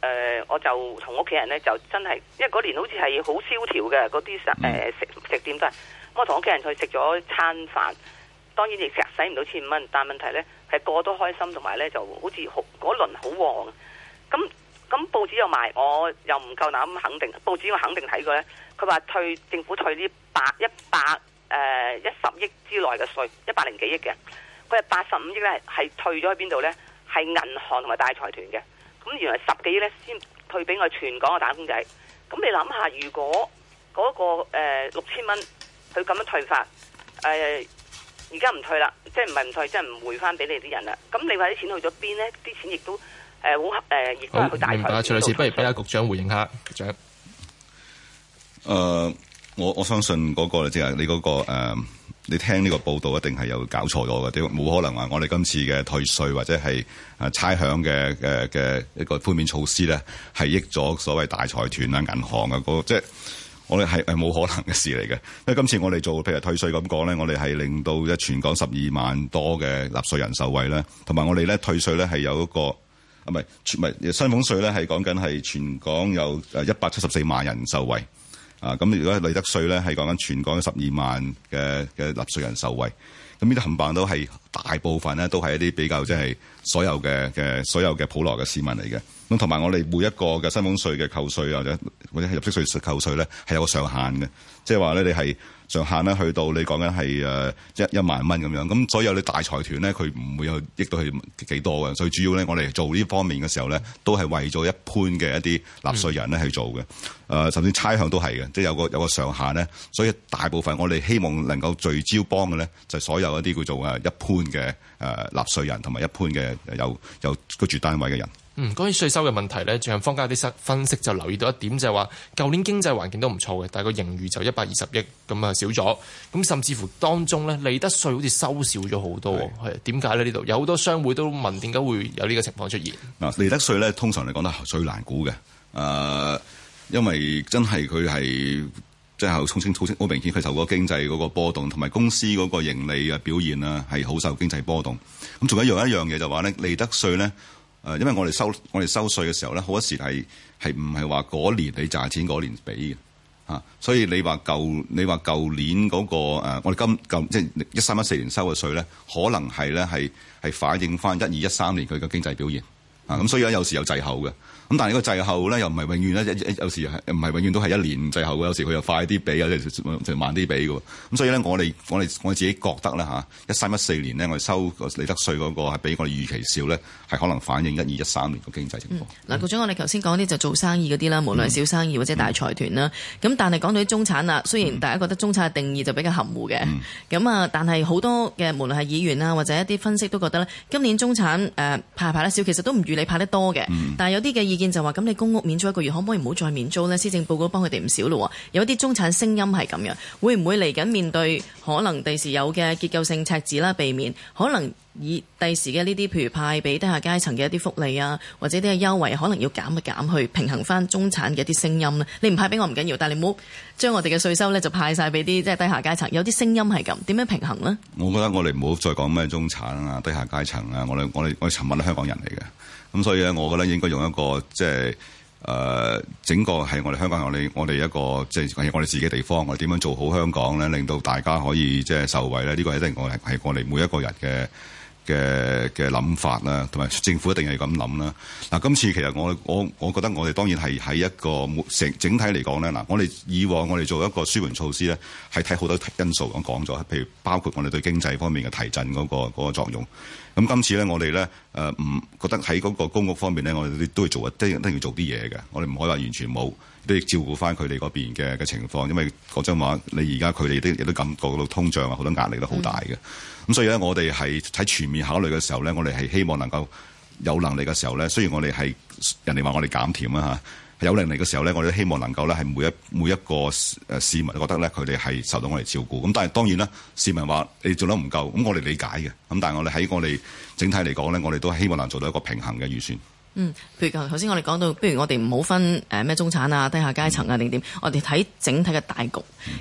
誒，我就同屋企人咧就真係，因為嗰年好似係好蕭條嘅嗰啲食食食店都係。我同屋企人去食咗餐飯，當然亦實使唔到千五蚊，但問題咧係過多開心，同埋咧就好似好嗰輪好旺。咁咁報紙又埋，我又唔夠膽肯定。報紙我肯定睇過咧，佢話退政府退啲百一百誒一十億之內嘅稅，一百零幾億嘅。佢係八十五億咧係退咗去邊度咧？係銀行同埋大財團嘅。咁原來十幾億先退俾我全港嘅打工仔。咁你諗下，如果嗰，那個、呃、六千蚊，佢咁樣退法，誒、呃，而家唔退啦，即係唔係唔退，即係唔回翻俾你啲人啦。咁你話啲錢去咗邊咧？啲錢亦都好誒亦都係一大。好，明白，徐女士，不如俾阿局長回應下。局長，誒、呃，我我相信嗰，那個即係你嗰、那個、uh, 你聽呢個報道一定係有搞錯咗嘅，冇可能話我哋今次嘅退稅或者係啊差餉嘅嘅嘅一個豁免措施咧，係益咗所謂大財團啊、銀行啊嗰、那個、即係我哋係係冇可能嘅事嚟嘅。因為今次我哋做譬如退稅咁講咧，我哋係令到一全港十二萬多嘅納稅人受惠咧，同埋我哋咧退稅咧係有一個啊唔係唔係薪俸稅咧，係講緊係全港有啊一百七十四萬人受惠。啊，咁如果利得稅咧，係講緊全港十二萬嘅嘅納稅人受惠，咁呢啲冚棒唥都係大部分咧，都係一啲比較即係所有嘅嘅所有嘅普羅嘅市民嚟嘅。咁同埋我哋每一個嘅薪俸稅嘅扣稅，或者或者係入息稅扣稅咧，係有個上限嘅，即係話咧你係。上限咧去到你講緊係誒一一萬蚊咁樣，咁所有啲大財團咧，佢唔會有益到佢幾多嘅。所以主要咧我哋做呢方面嘅時候咧，都係為咗一般嘅一啲納稅人咧去做嘅。誒、呃，甚至差向都係嘅，即係有個有個上限咧，所以大部分我哋希望能夠聚焦幫嘅咧，就係、所有一啲叫做誒一般嘅誒、uh, 納稅人同埋一般嘅有有居住單位嘅人。嗯，關於稅收嘅問題咧，最近方家啲析分析就留意到一點，就係話舊年經濟環境都唔錯嘅，但係個盈餘就一百二十億咁啊少咗。咁甚至乎當中咧利得稅好似收少咗好多，係點解咧？呢度有好多商會都問點解會有呢個情況出現。嗱，利得稅咧通常嚟講都係最難估嘅，誒、呃，因為真係佢係即係好清楚好明顯，佢受嗰經濟嗰個波動同埋公司嗰個盈利嘅表現啊，係好受經濟波動。咁仲有一樣一樣嘢就話呢，利得稅咧。誒，因為我哋收我哋收稅嘅時候咧，好多時係係唔係話嗰年你賺錢嗰年俾嘅嚇，所以你話舊你話舊年嗰個、誒、我哋今今即係一三一四年收嘅稅咧，可能係咧係係反映翻一二一三年佢嘅經濟表現。咁所以有時有滯後嘅，咁但係呢個滯後咧，又唔係永遠咧，有時唔係永遠都係一年滯後嘅，有時佢又快啲俾，有時就慢啲俾嘅。咁所以咧，我哋我哋我自己覺得咧嚇，一三一四年呢，我哋收利得稅嗰個係比我哋預期少呢，係可能反映一二一三年個經濟情況。嗱、嗯，局長，我哋頭先講啲就做生意嗰啲啦，無論係小生意或者大財團啦，咁、嗯嗯嗯嗯嗯、但係講到啲中產啦，雖然大家覺得中產嘅定義就比較含糊嘅，咁啊、嗯嗯嗯嗯嗯，但係好多嘅，無論係議員啊，或者一啲分析都覺得咧，今年中產誒、呃、排排得少，其實都唔預。你派得多嘅，嗯、但係有啲嘅意見就話、是：咁你公屋免租一個月，可唔可以唔好再免租呢？施政報告幫佢哋唔少咯。有啲中產聲音係咁樣，會唔會嚟緊面對可能第時有嘅結構性赤字啦？避免可能以第時嘅呢啲，譬如派俾低下階層嘅一啲福利啊，或者啲嘅優惠，可能要減一減去平衡翻中產嘅一啲聲音呢？你唔派俾我唔緊要，但係你唔好將我哋嘅稅收呢，就派晒俾啲即係低下階層。有啲聲音係咁，點樣平衡呢？我覺得我哋唔好再講咩中產啊、低下階層啊。我哋我哋我哋尋物都香港人嚟嘅。咁所以咧，我覺得應該用一個即係誒整個係我哋香港人，我哋我哋一個即係、就是、我哋自己地方，我哋點樣做好香港咧，令到大家可以即係、就是、受惠咧？呢、這個係一定我哋係我哋每一個人嘅。嘅嘅諗法啦，同埋政府一定係咁諗啦。嗱，今次其實我我我覺得我哋當然係喺一個整，整體嚟講咧。嗱，我哋以往我哋做一個舒緩措施咧，係睇好多因素。咁講咗，譬如包括我哋對經濟方面嘅提振嗰個嗰個作用。咁今次咧，我哋咧誒唔覺得喺嗰個公屋方面咧，我哋都都會做啊，都都要做啲嘢嘅。我哋唔可以話完全冇。都照顧返佢哋嗰邊嘅嘅情況，因為講真話，你而家佢哋都亦都感覺到通脹啊，好多壓力都好大嘅。咁的所以咧，我哋係喺全面考慮嘅時候咧，我哋係希望能夠有能力嘅時候咧，雖然我哋係人哋話我哋減甜啦嚇、啊，有能力嘅時候咧，我哋希望能夠咧係每一每一個誒市民覺得咧，佢哋係受到我哋照顧。咁但係當然啦，市民話你做得唔夠，咁我哋理解嘅。咁但係我哋喺我哋整體嚟講咧，我哋都希望能做到一個平衡嘅預算。嗯，譬如頭先我哋講到，不如我哋唔好分誒咩、呃、中產啊、低下階層啊定點，我哋睇整體嘅大局。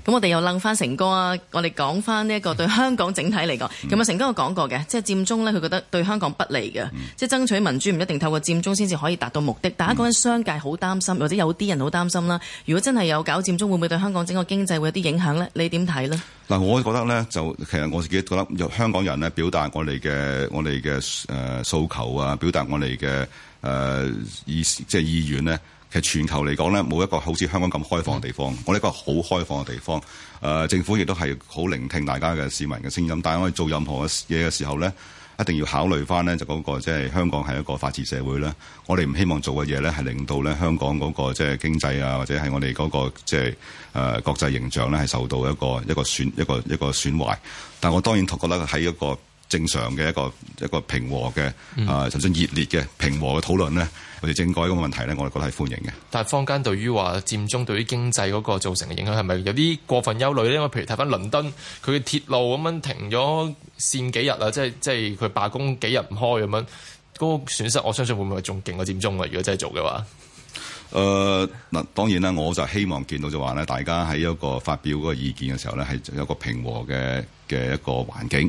咁我哋又諗翻成哥啊，我哋講翻呢一個對香港整體嚟講，咁啊成哥有講過嘅，即係佔中呢，佢覺得對香港不利嘅，即係爭取民主唔一定透過佔中先至可以達到目的。大家講緊商界好擔心，或者有啲人好擔心啦。嗯、如果真係有搞佔中，會唔會對香港整個經濟會有啲影響呢？你點睇呢？但係嗱，我覺得咧，就其實我自己覺得，由香港人咧表達我哋嘅我哋嘅誒訴求啊，表達我哋嘅誒意即係意願咧，其實全球嚟講咧，冇一個好似香港咁開放嘅地方。我哋一個好開放嘅地方，誒、呃、政府亦都係好聆聽大家嘅市民嘅聲音。但係我哋做任何嘅嘢嘅時候咧，一定要考慮翻咧，就嗰個即係香港係一個法治社會啦。我哋唔希望做嘅嘢咧，係令到咧香港嗰個即係經濟啊，或者係我哋嗰個即係誒國際形象咧，係受到一個一個損一個一個損壞。但我當然覺得喺一個。正常嘅一個一個平和嘅啊、呃，甚至熱烈嘅平和嘅討論咧、嗯，我哋政改個問題咧，我哋覺得係歡迎嘅。但係坊間對於話佔中對於經濟嗰個造成嘅影響係咪有啲過分憂慮咧？因為譬如睇返倫敦，佢嘅鐵路咁樣停咗線幾日啊，即係即係佢罷工幾日唔開咁樣，嗰、那個損失我相信會唔會係仲勁過佔中啊？如果真係做嘅話。誒嗱、呃，當然啦，我就希望見到就話咧，大家喺一個發表嗰個意見嘅時候咧，係有個平和嘅嘅一個環境。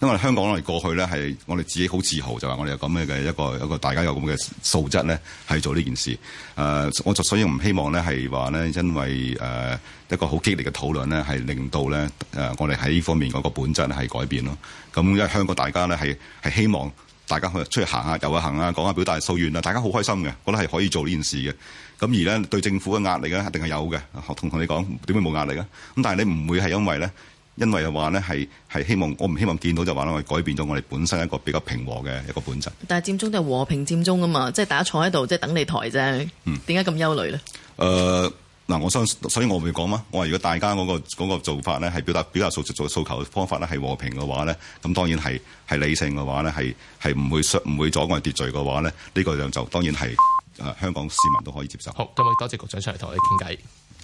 因為香港我哋過去咧係我哋自己好自豪，就話我哋有咁嘅一個一個大家有咁嘅素質咧，係做呢件事。誒、呃，我就所以唔希望咧係話咧，因為誒、呃、一個好激烈嘅討論咧，係令到咧誒、呃、我哋喺呢方面嗰個本質係改變咯。咁因為香港大家咧係係希望大家可以出去行下、遊下、行啊、講下、表達訴願啊，大家好開心嘅，覺得係可以做呢件事嘅。咁而咧，對政府嘅壓力咧，一定係有嘅。同同你講點解冇壓力咧？咁但係你唔會係因為咧，因為嘅話咧係係希望我唔希望見到就話咧，我改變咗我哋本身一個比較平和嘅一個本質。但係佔中就和平佔中啊嘛，即係大家坐喺度，即係等你抬啫。嗯，點解咁憂慮咧？誒嗱，我相，所以我會講嘛。我話如果大家嗰個嗰個做法咧，係表達表達訴訴求方法咧，係和平嘅話咧，咁當然係係理性嘅話咧，係係唔會唔會阻礙秩序嘅話咧，呢個樣就當然係。誒香港市民都可以接受。好，多謝局長出嚟同我哋傾偈。